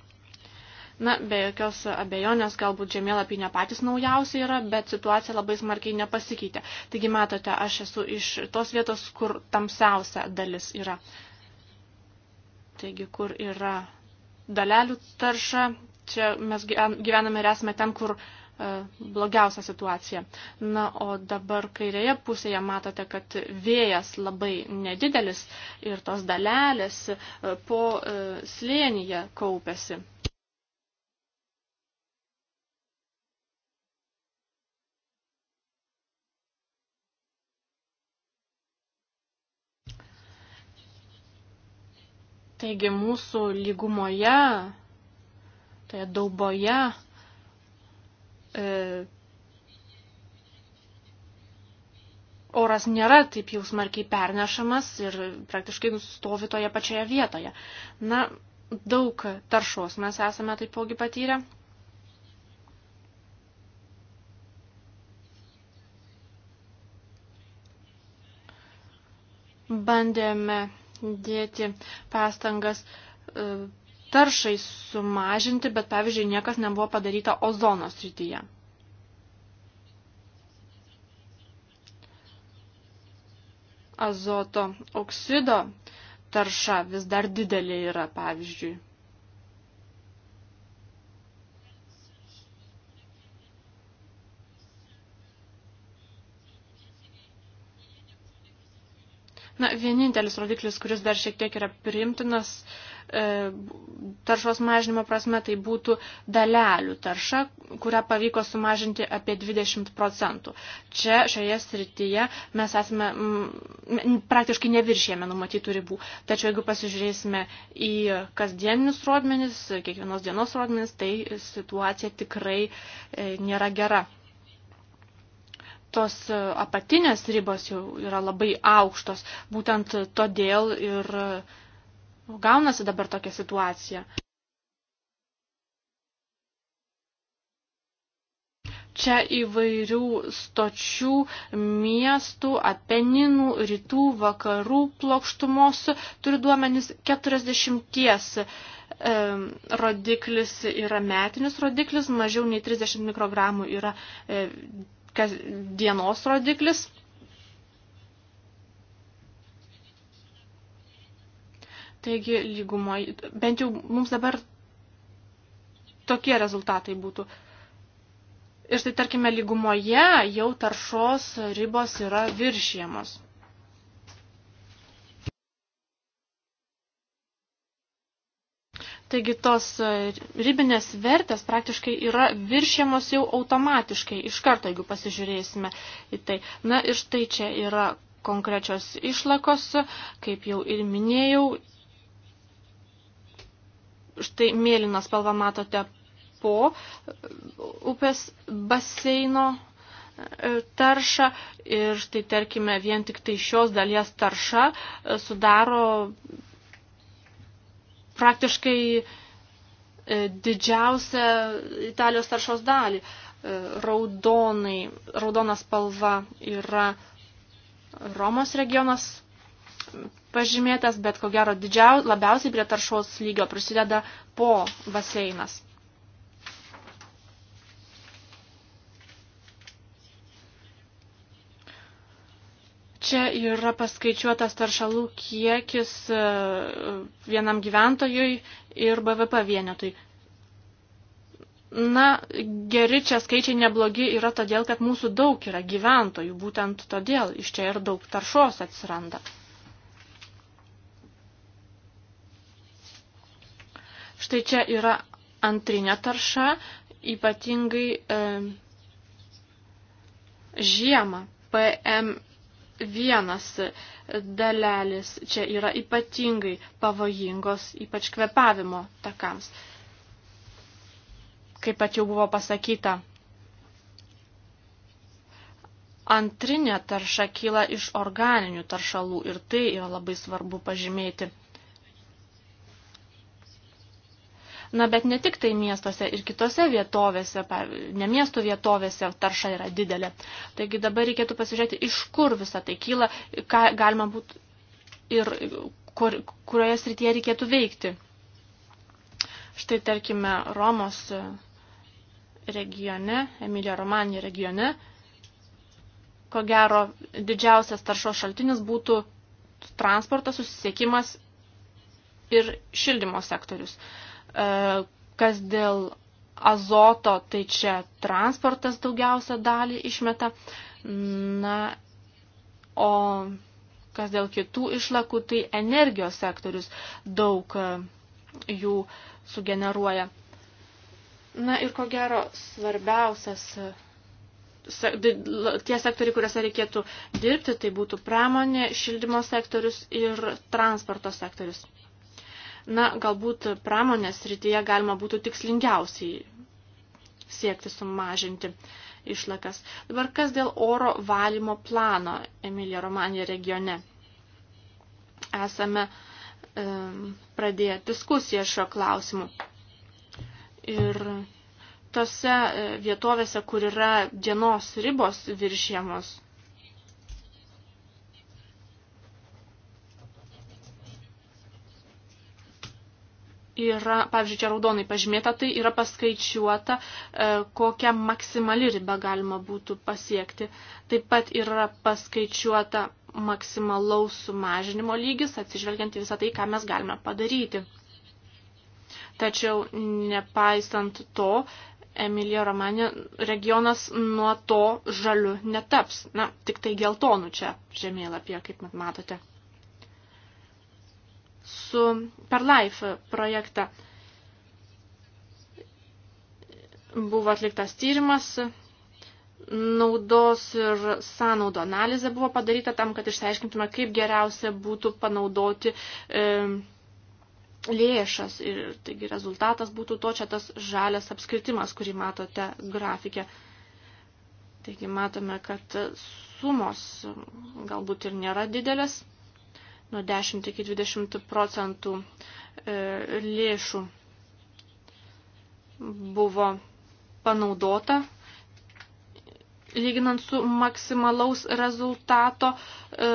Na, be jokios abejonės, galbūt žemėlapiai ne patys naujausi yra, bet situacija labai smarkiai nepasikeitė. Taigi, matote, aš esu iš tos vietos, kur tamsiausia dalis yra. Taigi, kur yra dalelių tarša, čia mes gyvename ir esame ten, kur e, blogiausia situacija. Na, o dabar kairėje pusėje matote, kad vėjas labai nedidelis ir tos dalelės e, po e, slėnyje kaupėsi. Taigi mūsų lygumoje, toje dauboje, e, oras nėra taip jau smarkiai pernešamas ir praktiškai stovi toje pačioje vietoje. Na, daug taršos mes esame taipogi patyrę. Bandėme dėti pastangas e, taršai sumažinti, bet pavyzdžiui niekas nebuvo padaryta ozono srityje. Azoto oksido tarša vis dar didelė yra, pavyzdžiui. Na, vienintelis rodiklis, kuris dar šiek tiek yra priimtinas e, taršos mažinimo prasme, tai būtų dalelių tarša, kurią pavyko sumažinti apie 20 procentų. Čia šioje srityje mes esame m, praktiškai neviršėme numatytų ribų. Tačiau jeigu pasižiūrėsime į kasdieninius rodmenis, kiekvienos dienos rodmenis, tai situacija tikrai e, nėra gera tos apatinės ribos jau yra labai aukštos. Būtent todėl ir gaunasi dabar tokia situacija. Čia įvairių stočių, miestų, apeninų, rytų, vakarų plokštumos turi duomenis 40 e, rodiklis yra metinis rodiklis, mažiau nei 30 mikrogramų yra e, dienos rodiklis. Taigi, lygumo, bent jau mums dabar tokie rezultatai būtų. Ir štai, tarkime, lygumoje jau taršos ribos yra viršijamos. Taigi tos e, ribinės vertės praktiškai yra viršiamos jau automatiškai, iš karto, jeigu pasižiūrėsime į tai. Na ir štai čia yra konkrečios išlakos, kaip jau ir minėjau. Štai mėlyną spalvą matote po e, upės baseino e, taršą ir štai tarkime vien tik tai šios dalies tarša sudaro praktiškai e, didžiausią Italijos taršos dalį. E, raudonai, raudona spalva yra Romos regionas pažymėtas, bet ko gero didžiau, labiausiai prie taršos lygio prisideda po baseinas. Čia yra paskaičiuotas taršalų kiekis e, vienam gyventojui ir BVP vienetui. Na, geri čia skaičiai neblogi yra todėl, kad mūsų daug yra gyventojų, būtent todėl iš čia ir daug taršos atsiranda. Štai čia yra antrinė tarša, ypatingai e, žiemą. PM vienas dalelis čia yra ypatingai pavojingos, ypač kvepavimo takams. Kaip pat jau buvo pasakyta, antrinė tarša kyla iš organinių taršalų ir tai yra labai svarbu pažymėti. Na, bet ne tik tai miestuose ir kitose vietovėse, ne miesto vietovėse tarša yra didelė. Taigi dabar reikėtų pasižiūrėti, iš kur visa tai kyla, ką galima būtų ir kur, kurioje srityje reikėtų veikti. Štai tarkime, Romos regione, Emilija Romanija regione, ko gero didžiausias taršos šaltinis būtų transportas, susisiekimas ir šildymo sektorius. E, kas dėl azoto, tai čia transportas daugiausia dalį išmeta. Na, o kas dėl kitų išlakų, tai energijos sektorius daug e, jų sugeneruoja. Na ir ko gero svarbiausias tie sektoriai, kuriuose reikėtų dirbti, tai būtų pramonė, šildymo sektorius ir transporto sektorius. Na, galbūt pramonės rytyje galima būtų tikslingiausiai siekti sumažinti išlakas. Dabar kas dėl oro valymo plano Emilija Romanija regione? Esame um, pradėję diskusiją šio klausimu. Ir tose e, vietovėse, kur yra dienos ribos viršėmos, yra, pavyzdžiui, čia raudonai pažymėta, tai yra paskaičiuota, e, kokią maksimali ribą galima būtų pasiekti. Taip pat yra paskaičiuota maksimalaus sumažinimo lygis, atsižvelgiant į visą tai, ką mes galime padaryti. Tačiau, nepaisant to, Emilija Romanė regionas nuo to žaliu netaps. Na, tik tai geltonų čia žemėlapyje, kaip matote su Perlife projektą. Buvo atliktas tyrimas, naudos ir sąnaudo analizė buvo padaryta tam, kad išsiaiškintume, kaip geriausia būtų panaudoti e, lėšas. Ir taigi rezultatas būtų to čia tas žalias apskritimas, kurį matote grafikė. Taigi matome, kad sumos galbūt ir nėra didelės nuo 10 iki 20 procentų e, lėšų buvo panaudota, lyginant su maksimalaus rezultato e,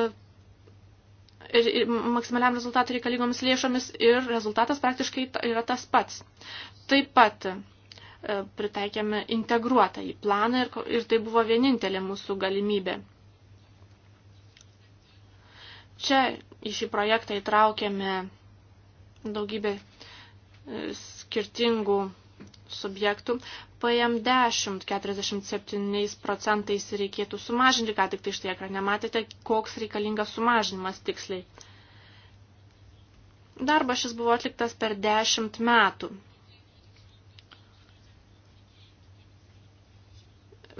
ir maksimaliam rezultatui reikalingomis lėšomis ir rezultatas praktiškai yra tas pats. Taip pat e, pritaikėme integruotą į planą ir, ir tai buvo vienintelė mūsų galimybė. Čia į šį projektą įtraukėme daugybę e, skirtingų subjektų. PM10 47 procentais reikėtų sumažinti, ką tik tai štai ekrane matėte, koks reikalingas sumažinimas tiksliai. Darbas šis buvo atliktas per 10 metų.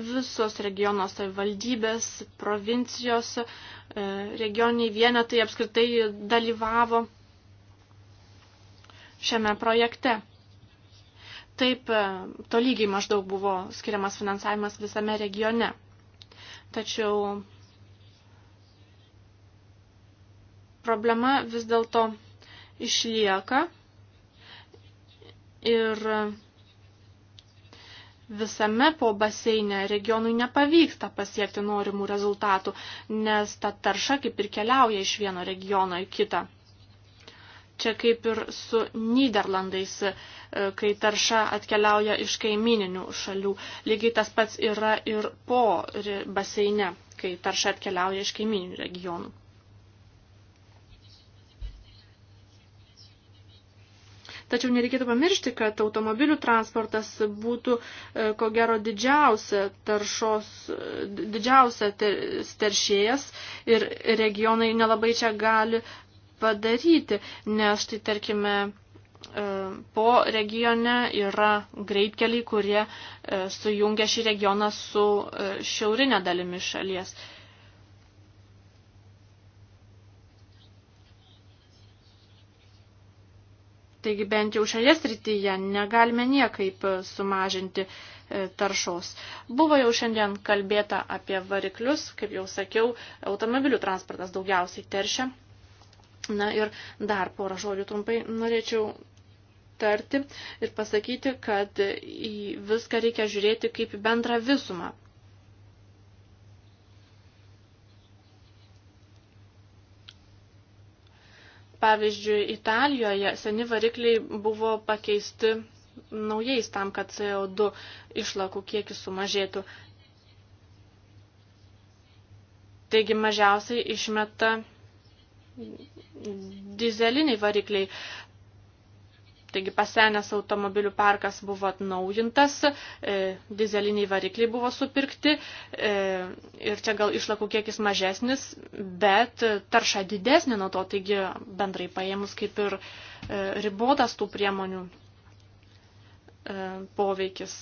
Visos regionos savivaldybės, provincijos E, regioniniai vienetai apskritai dalyvavo šiame projekte. Taip e, tolygiai maždaug buvo skiriamas finansavimas visame regione. Tačiau problema vis dėlto išlieka ir visame po baseinę regionui nepavyksta pasiekti norimų rezultatų, nes ta tarša kaip ir keliauja iš vieno regiono į kitą. Čia kaip ir su Niderlandais, e, kai tarša atkeliauja iš kaimininių šalių. Lygiai tas pats yra ir po baseine, kai tarša atkeliauja iš kaimininių regionų. Tačiau nereikėtų pamiršti, kad automobilių transportas būtų e, ko gero didžiausia taršos, didžiausia teršėjas ir regionai nelabai čia gali padaryti, nes tai tarkime e, po regione yra greitkeliai, kurie e, sujungia šį regioną su šiaurinė dalimi šalies. Taigi bent jau šioje srityje negalime niekaip sumažinti e, taršos. Buvo jau šiandien kalbėta apie variklius, kaip jau sakiau, automobilių transportas daugiausiai teršia. Na ir dar porą žodžių trumpai norėčiau tarti ir pasakyti, kad į viską reikia žiūrėti kaip bendrą visumą. Pavyzdžiui, Italijoje seni varikliai buvo pakeisti naujais tam, kad CO2 išlakų kiekis sumažėtų. Taigi mažiausiai išmeta dizeliniai varikliai. Taigi pasenęs automobilių parkas buvo atnaujintas, e, dizeliniai varikliai buvo supirkti e, ir čia gal išlakų kiekis mažesnis, bet tarša didesnė nuo to, taigi bendrai paėmus kaip ir e, ribotas tų priemonių e, poveikis.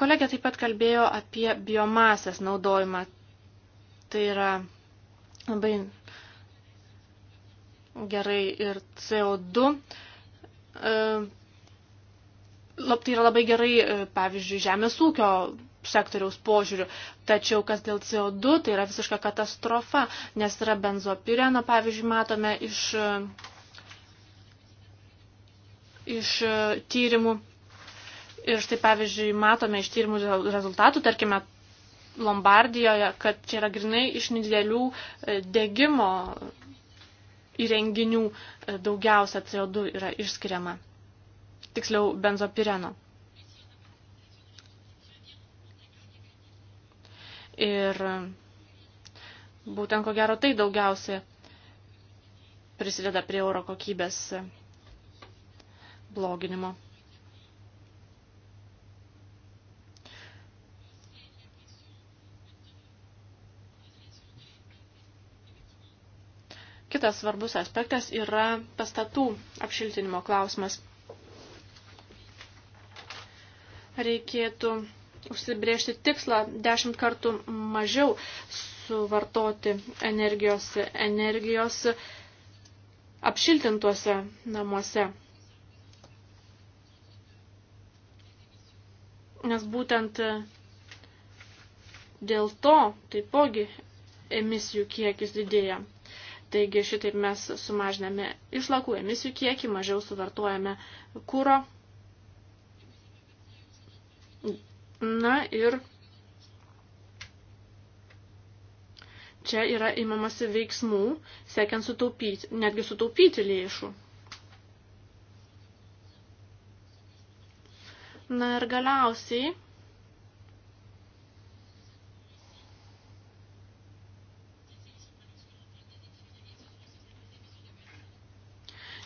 Kolegė taip pat kalbėjo apie biomasės naudojimą. Tai yra labai gerai ir CO2 E, tai yra labai gerai, e, pavyzdžiui, žemės ūkio sektoriaus požiūrių. Tačiau kas dėl CO2, tai yra visiška katastrofa, nes yra benzopireno, pavyzdžiui, matome iš, e, iš tyrimų. Ir štai, pavyzdžiui, matome iš tyrimų rezultatų, tarkime, Lombardijoje, kad čia yra grinai iš nedėlių degimo įrenginių e, daugiausia CO2 yra išskiriama. Tiksliau, benzopireno. Ir būtent ko gero tai daugiausia prisideda prie oro kokybės bloginimo. kitas svarbus aspektas yra pastatų apšiltinimo klausimas. Reikėtų užsibriežti tikslą dešimt kartų mažiau suvartoti energijos, energijos apšiltintuose namuose. Nes būtent dėl to taipogi emisijų kiekis didėja. Taigi šitaip mes sumažiname išlakų emisijų kiekį, mažiau suvartojame kūro. Na ir čia yra imamasi veiksmų, siekiant sutaupyti, netgi sutaupyti lėšų. Na ir galiausiai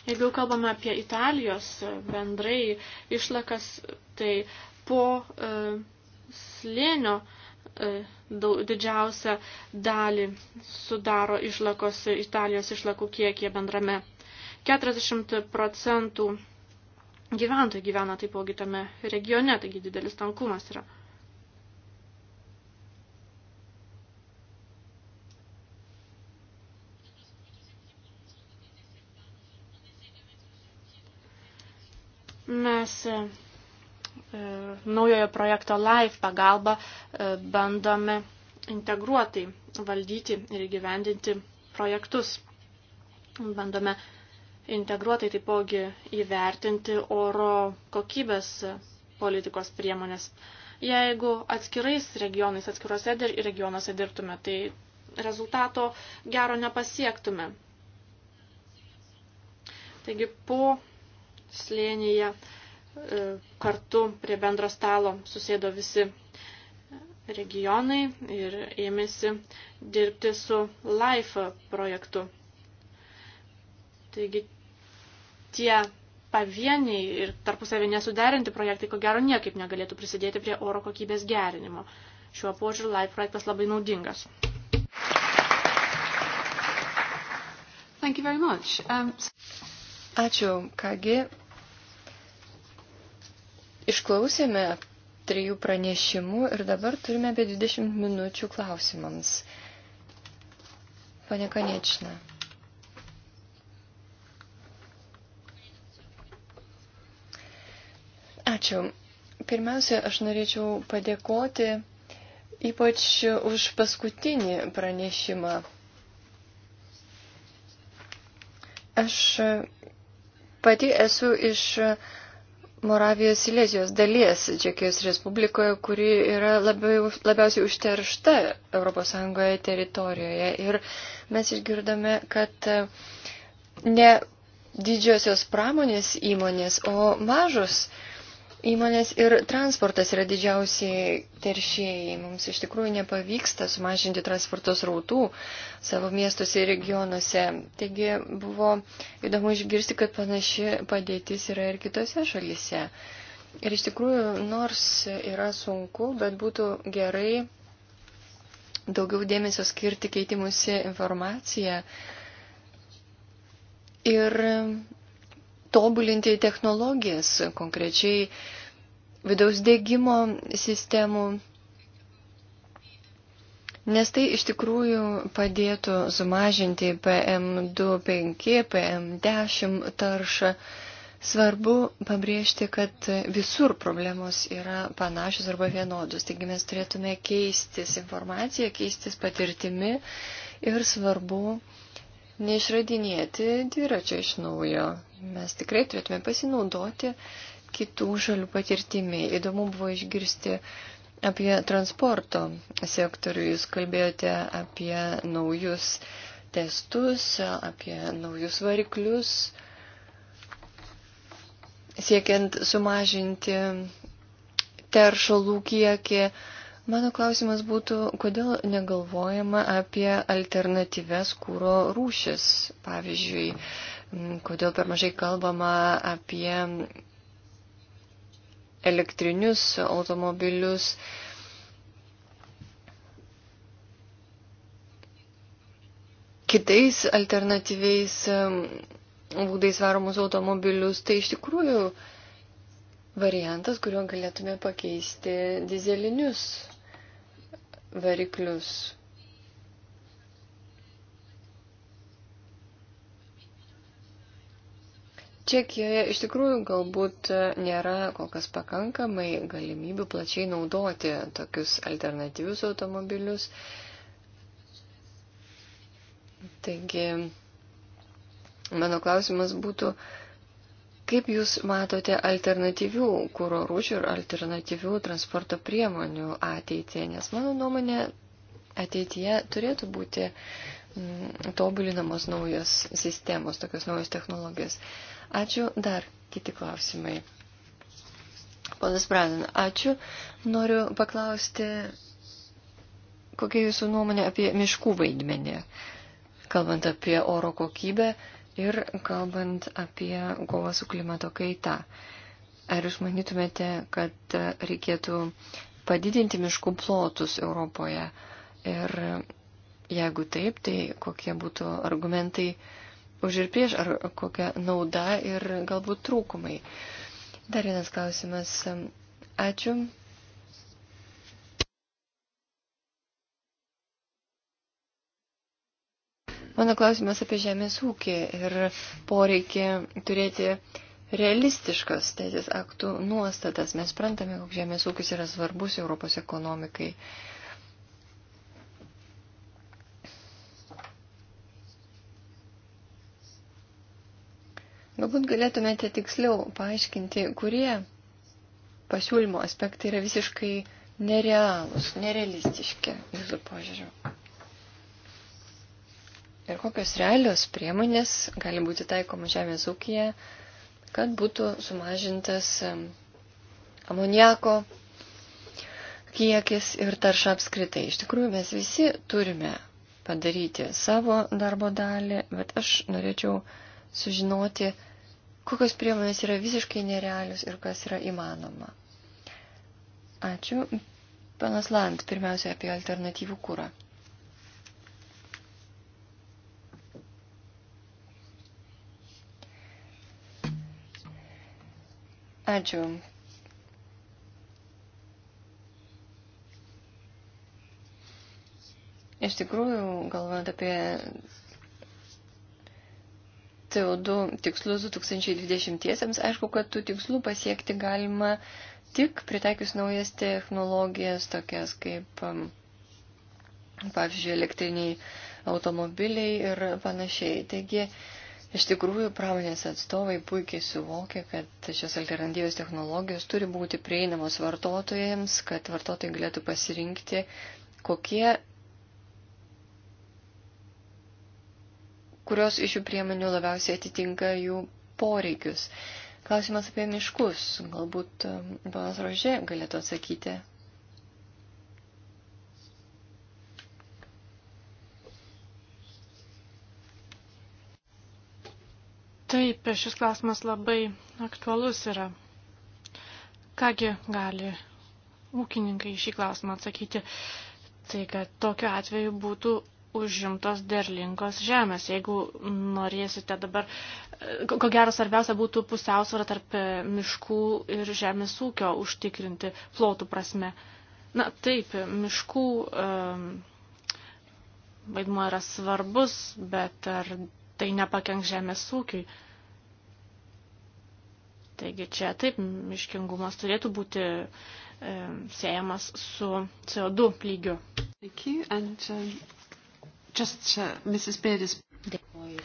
Jeigu kalbame apie Italijos bendrai išlakas, tai po e, slėnio e, didžiausią dalį sudaro išlakos Italijos išlakų kiekie bendrame. 40 procentų gyventojų gyvena taipogi tame regione, taigi didelis tankumas yra. mes e, e, naujojo projekto LIFE pagalba e, bandome integruotai valdyti ir įgyvendinti projektus. Bandome integruotai taipogi įvertinti oro kokybės politikos priemonės. Jeigu atskirais regionais, atskiruose regionuose dirbtume, tai rezultato gero nepasiektume. Taigi po slėnyje uh, E, kartu prie bendro stalo susėdo visi regionai ir ėmėsi dirbti su LIFE projektu. Taigi tie pavieniai ir tarpusavį nesuderinti projektai, ko gero, niekaip negalėtų prisidėti prie oro kokybės gerinimo. Šiuo požiūriu LIFE projektas labai naudingas. Thank you very much. Um... Ačiū. Kągi, Išklausėme trijų pranešimų ir dabar turime apie 20 minučių klausimams. Pane Kanečna. Ačiū. Pirmiausia, aš norėčiau padėkoti ypač už paskutinį pranešimą. Aš pati esu iš Moravijos Silesijos dalies Čekijos Respublikoje, kuri yra labiau, labiausiai užteršta ES teritorijoje. Ir mes išgirdome, kad e, ne didžiosios pramonės įmonės, o mažos uh, Įmonės ir transportas yra didžiausiai teršėjai. Mums iš tikrųjų nepavyksta sumažinti transporto srautų savo miestuose ir regionuose. Taigi buvo įdomu išgirsti, kad panaši padėtis yra ir kitose šalise. Ir iš tikrųjų, nors yra sunku, bet būtų gerai daugiau dėmesio skirti keitimusi informaciją ir tobulinti technologijas, konkrečiai vidaus dėgymo sistemų, nes tai iš tikrųjų padėtų sumažinti PM2,5, PM10 taršą. Svarbu pabrėžti, kad visur problemos yra panašios arba vienodos, taigi mes turėtume keistis informaciją, keistis patirtimi ir svarbu neišradinėti dviračio iš naujo mes tikrai turėtume pasinaudoti kitų šalių patirtimi. Įdomu buvo išgirsti apie transporto sektorių. Jūs kalbėjote apie naujus testus, apie naujus variklius, siekiant sumažinti teršalų kiekį. Mano klausimas būtų, kodėl negalvojama apie alternatyves kūro rūšis, pavyzdžiui, kodėl per mažai kalbama apie elektrinius automobilius. Kitais alternatyviais um, būdais varomus automobilius, tai iš tikrųjų variantas, kuriuo galėtume pakeisti dizelinius variklius. Čekijoje iš tikrųjų galbūt e, nėra kol kas pakankamai galimybių plačiai naudoti tokius alternatyvius automobilius. Taigi, mano klausimas būtų, kaip Jūs matote alternatyvių kūro rūšių ir alternatyvių transporto priemonių ateityje? Nes mano nuomonė, ateityje turėtų būti tobulinamos naujos sistemos, tokios naujos technologijos. Ačiū. Dar kiti klausimai. Ponas Bradin, ačiū. Noriu paklausti, kokia jūsų nuomonė apie miškų vaidmenį, kalbant apie oro kokybę ir kalbant apie kovą su klimato kaita. Ar jūs manytumėte, kad reikėtų padidinti miškų plotus Europoje ir Jeigu taip, tai kokie būtų argumentai už ir prieš, ar kokia nauda ir galbūt trūkumai. Dar vienas klausimas. Ačiū. Mano klausimas apie žemės ūkį ir poreikį turėti realistiškas teisės aktų nuostatas. Mes prantame, koks žemės ūkis yra svarbus Europos ekonomikai. Galbūt galėtumėte tiksliau paaiškinti, kurie pasiūlymo aspektai yra visiškai nerealūs, nerealistiški jūsų požiūriu. Ir kokios realios priemonės gali būti taikoma žemės ūkija, kad būtų sumažintas amoniako kiekis ir tarša apskritai. Iš tikrųjų, mes visi turime padaryti savo darbo dalį, bet aš norėčiau sužinoti, kokios priemonės yra visiškai nerealius ir kas yra įmanoma. Ačiū. Panas Land, pirmiausia apie alternatyvų kūrą. Ačiū. Iš tikrųjų, galvojant apie CO2 tikslus 2020-iesiams, aišku, kad tų tikslų pasiekti galima tik pritaikius naujas technologijas, tokias kaip, um, pavyzdžiui, elektriniai automobiliai ir panašiai. Taigi, iš tikrųjų, pramonės atstovai puikiai suvokia, kad šios alternatyvios technologijos turi būti prieinamos vartotojams, kad vartotojai galėtų pasirinkti, kokie kurios iš šių priemonių labiausiai atitinka jų poreikius. Klausimas apie miškus. Galbūt um, panas Rožė galėtų atsakyti. Taip, šis klausimas labai aktualus yra. Kągi gali ūkininkai šį klausimą atsakyti? Tai, kad tokiu atveju būtų užimtos derlingos žemės. Jeigu norėsite dabar, ko gero svarbiausia būtų pusiausvara tarp e, miškų ir žemės ūkio užtikrinti plotų prasme. Na taip, miškų um, vaidmuo yra svarbus, bet ar tai nepakenks žemės ūkiui? Taigi čia taip, miškingumas turėtų būti um, siejamas su CO2 lygiu. Thank you, and um, Just, uh, Mrs. Bėdis. Dėkuoju.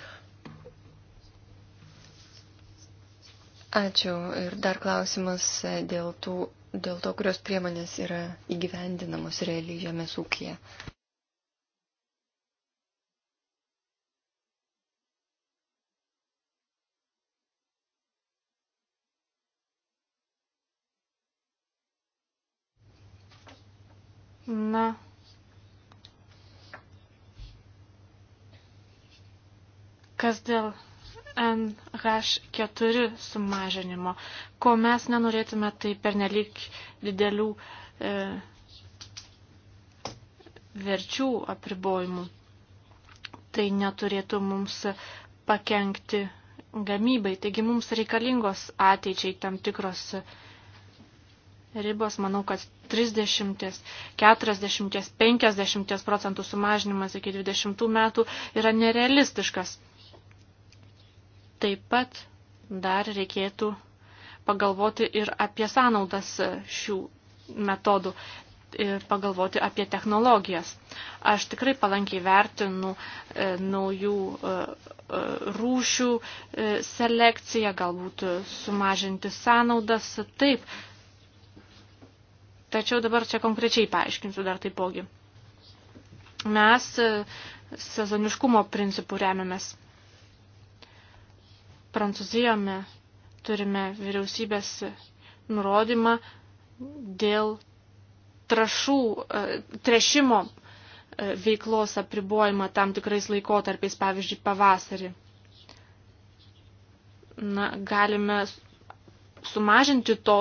Ačiū. Ir dar klausimas e, dėl, tų, dėl to, kurios priemonės yra įgyvendinamos realiai žemės ūkija. Na, Kas dėl NH4 sumažinimo, ko mes nenorėtume, tai pernelyg didelių e, verčių apribojimų. Tai neturėtų mums pakengti gamybai. Taigi mums reikalingos ateičiai tam tikros ribos, manau, kad 30, 40, 50 procentų sumažinimas iki 20 metų yra nerealistiškas. Taip pat dar reikėtų pagalvoti ir apie sąnaudas šių metodų ir pagalvoti apie technologijas. Aš tikrai palankiai vertinu e, naujų e, e rūšių e, selekciją, galbūt sumažinti sąnaudas, taip. Tačiau dabar čia konkrečiai paaiškinsiu dar taipogi. Mes e, sezoniškumo principų remiamės. Prancūzijome turime vyriausybės nurodymą dėl trašų, e, trešimo e, veiklos apribojimą tam tikrais laikotarpiais, pavyzdžiui, pavasarį. Na, galime sumažinti to,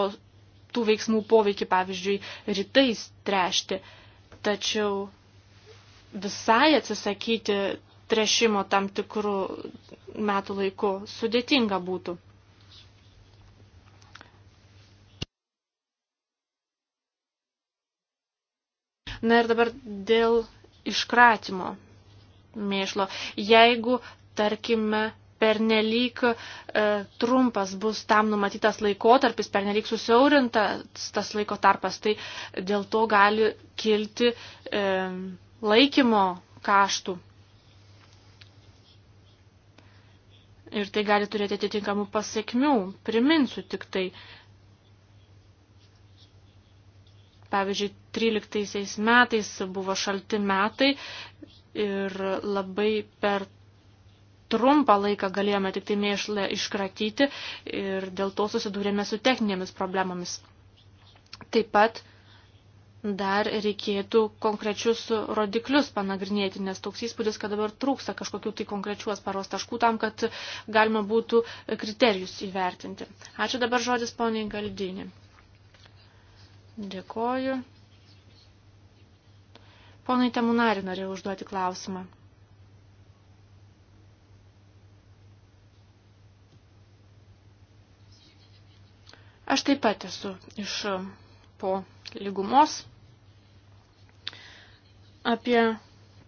tų veiksmų poveikį, pavyzdžiui, rytais trešti, tačiau visai atsisakyti trešimo tam tikrų metų laiku sudėtinga būtų. Na ir dabar dėl iškratimo mėšlo. Jeigu, tarkime, pernelyg e, trumpas bus tam numatytas laikotarpis, pernelyg susiaurintas tas laiko tarpas, tai dėl to gali kilti e, laikymo kaštų. ir tai gali turėti atitinkamų pasiekmių. Priminsiu tik tai, pavyzdžiui, 13 metais buvo šalti metai ir labai per trumpą laiką galėjome tik tai mėšlę iškratyti ir dėl to susidūrėme su techninėmis problemomis. Taip pat dar reikėtų konkrečius rodiklius panagrinėti, nes toks įspūdis, kad dabar trūksta kažkokių tai konkrečių asparos taškų tam, kad galima būtų kriterijus įvertinti. Ačiū dabar žodis poniai Galdinį. Dėkoju. Ponai Temunari norėjau užduoti klausimą. Aš taip pat esu iš po lygumos, apie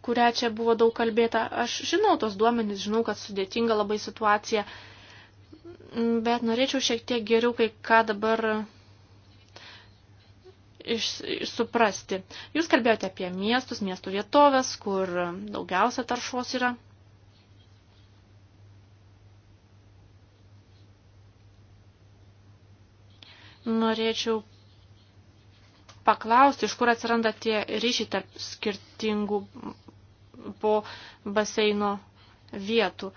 kurią čia buvo daug kalbėta. Aš žinau tos duomenys, žinau, kad sudėtinga labai situacija, bet norėčiau šiek tiek geriau kai ką dabar iš, suprasti. Jūs kalbėjote apie miestus, miestų vietovės, kur daugiausia taršos yra. Norėčiau paklausti, iš kur atsiranda tie ryšiai tarp skirtingų po baseino vietų.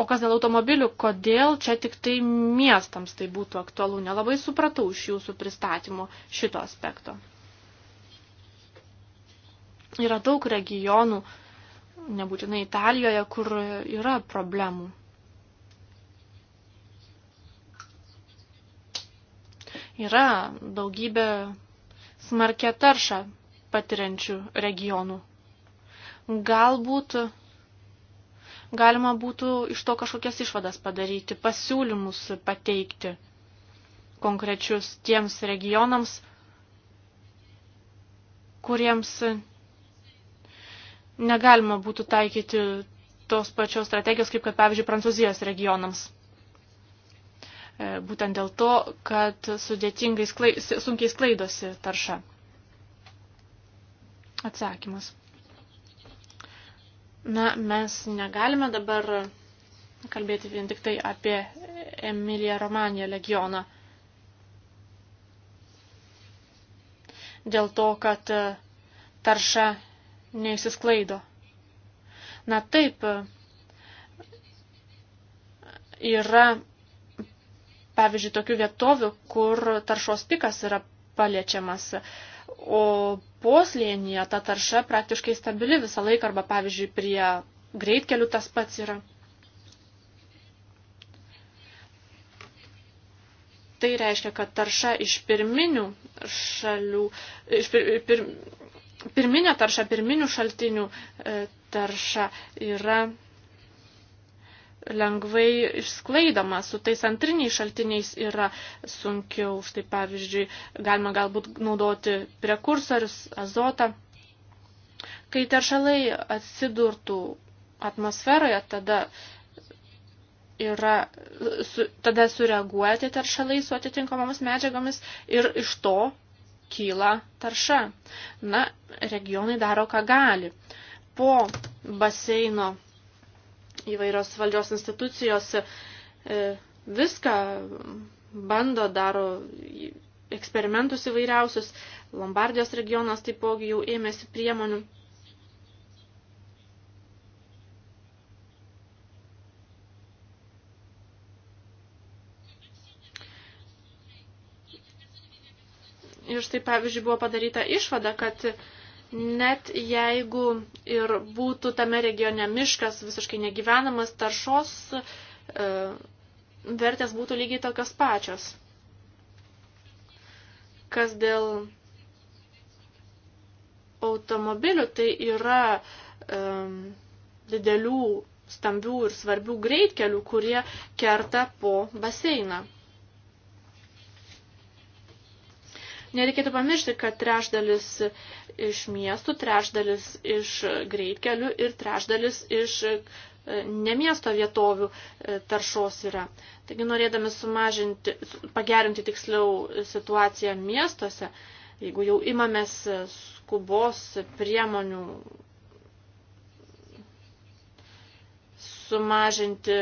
O kas dėl automobilių, kodėl čia tik tai miestams tai būtų aktualu, nelabai supratau iš jūsų pristatymo šito aspekto. Yra daug regionų, nebūtinai Italijoje, kur yra problemų. Yra daugybė smarkia taršą patiriančių regionų. Galbūt galima būtų iš to kažkokias išvadas padaryti, pasiūlymus pateikti konkrečius tiems regionams, kuriems negalima būtų taikyti tos pačios strategijos, kaip kad, pavyzdžiui, Prancūzijos regionams. E, būtent dėl to, kad sklai, sunkiai sklaidosi tarša. Atsakymas. Na, mes negalime dabar kalbėti vien tik tai apie Emiliją Romaniją legioną. Dėl to, kad tarša neįsisklaido. Na taip, yra pavyzdžiui, tokių vietovių, kur taršos pikas yra paliečiamas, o poslėnyje ta tarša praktiškai stabili visą laiką arba, pavyzdžiui, prie greitkelių tas pats yra. Tai reiškia, kad tarša iš pirminių šalių, iš pir, pir, pirminė tarša, pirminių šaltinių e, tarša yra lengvai išsklaidoma, su tais antriniais šaltiniais yra sunkiau. Štai pavyzdžiui, galima galbūt naudoti prekursorius, azotą. Kai teršalai atsidurtų atmosferoje, tada, yra, su, tada sureaguoja tie teršalai su atitinkamomis medžiagomis ir iš to kyla tarša. Na, regionai daro, ką gali. Po baseino įvairios valdžios institucijos e, viską bando, daro eksperimentus įvairiausius. Lombardijos regionas taipogi jau ėmėsi priemonių. Ir štai, pavyzdžiui, buvo padaryta išvada, kad net jeigu ir būtų tame regione miškas visiškai negyvenamas, taršos e, vertės būtų lygiai tokios pačios. Kas dėl automobilių, tai yra e, didelių, stambių ir svarbių greitkelių, kurie kerta po baseiną. Nereikėtų pamiršti, kad trešdalis iš miestų, trešdalis iš greitkelių ir trešdalis iš e, ne miesto vietovių e, taršos yra. Taigi norėdami sumažinti, pagerinti tiksliau situaciją miestuose, jeigu jau imamės skubos priemonių sumažinti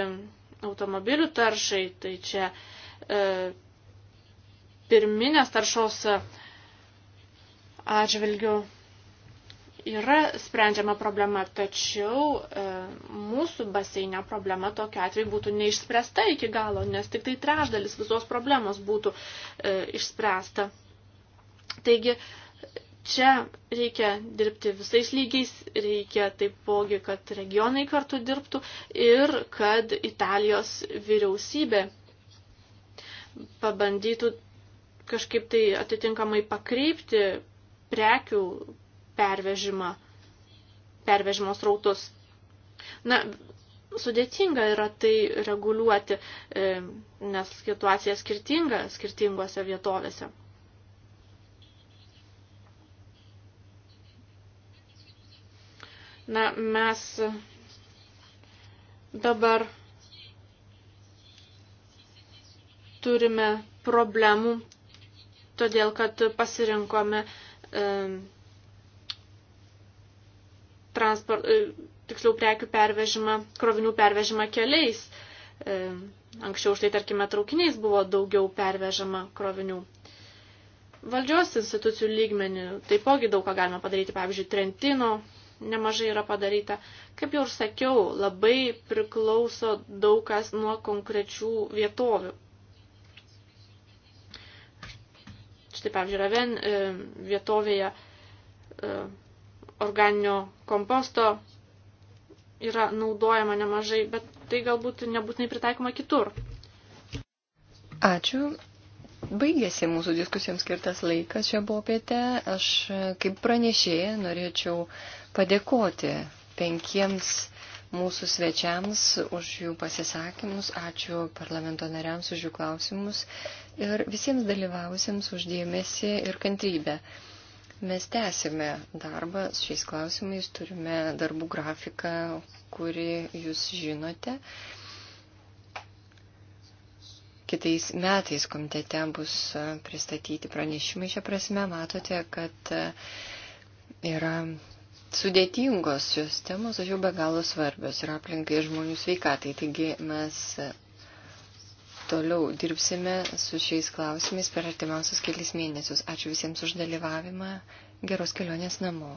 automobilių taršai, tai čia e, pirminės taršos atžvilgių yra sprendžiama problema, tačiau e, mūsų baseine problema tokia atveju būtų neišspręsta iki galo, nes tik tai trešdalis visos problemos būtų e, išspręsta. Taigi, čia reikia dirbti visais lygiais, reikia taipogi, kad regionai kartu dirbtų ir kad Italijos vyriausybė pabandytų kažkaip tai atitinkamai pakreipti prekių pervežimą, pervežimo srautus. Na, sudėtinga yra tai reguliuoti, e, nes situacija skirtinga skirtingose vietovėse. Na, mes dabar turime problemų todėl kad pasirinkome e, transport, e, tiksliau prekių pervežimą, krovinių pervežimą keliais. E, anksčiau štai, tarkime, traukiniais buvo daugiau pervežama krovinių. Valdžios institucijų lygmenių taipogi daug ką galima padaryti, pavyzdžiui, Trentino nemažai yra padaryta. Kaip jau ir sakiau, labai priklauso daug kas nuo konkrečių vietovių. Štai pavyzdžiui, Raven e, vietovėje e, organinio komposto yra naudojama nemažai, bet tai galbūt nebūtinai pritaikoma kitur. Ačiū. Baigėsi mūsų diskusijoms skirtas laikas šią popietę. Aš kaip pranešėja norėčiau padėkoti penkiems mūsų svečiams už jų pasisakymus, ačiū parlamento nariams už jų klausimus ir visiems dalyvausiams už dėmesį ir kantrybę. Mes tęsime darbą su šiais klausimais, turime darbų grafiką, kurį jūs žinote. Kitais metais komitete bus pristatyti pranešimai šią prasme. Matote, kad yra sudėtingos šios temos, tačiau be galo svarbios ir aplinkai žmonių sveikatai. Taigi mes e, toliau dirbsime su šiais klausimais per artimiausius kelias mėnesius. Ačiū visiems už dalyvavimą. Geros kelionės namo.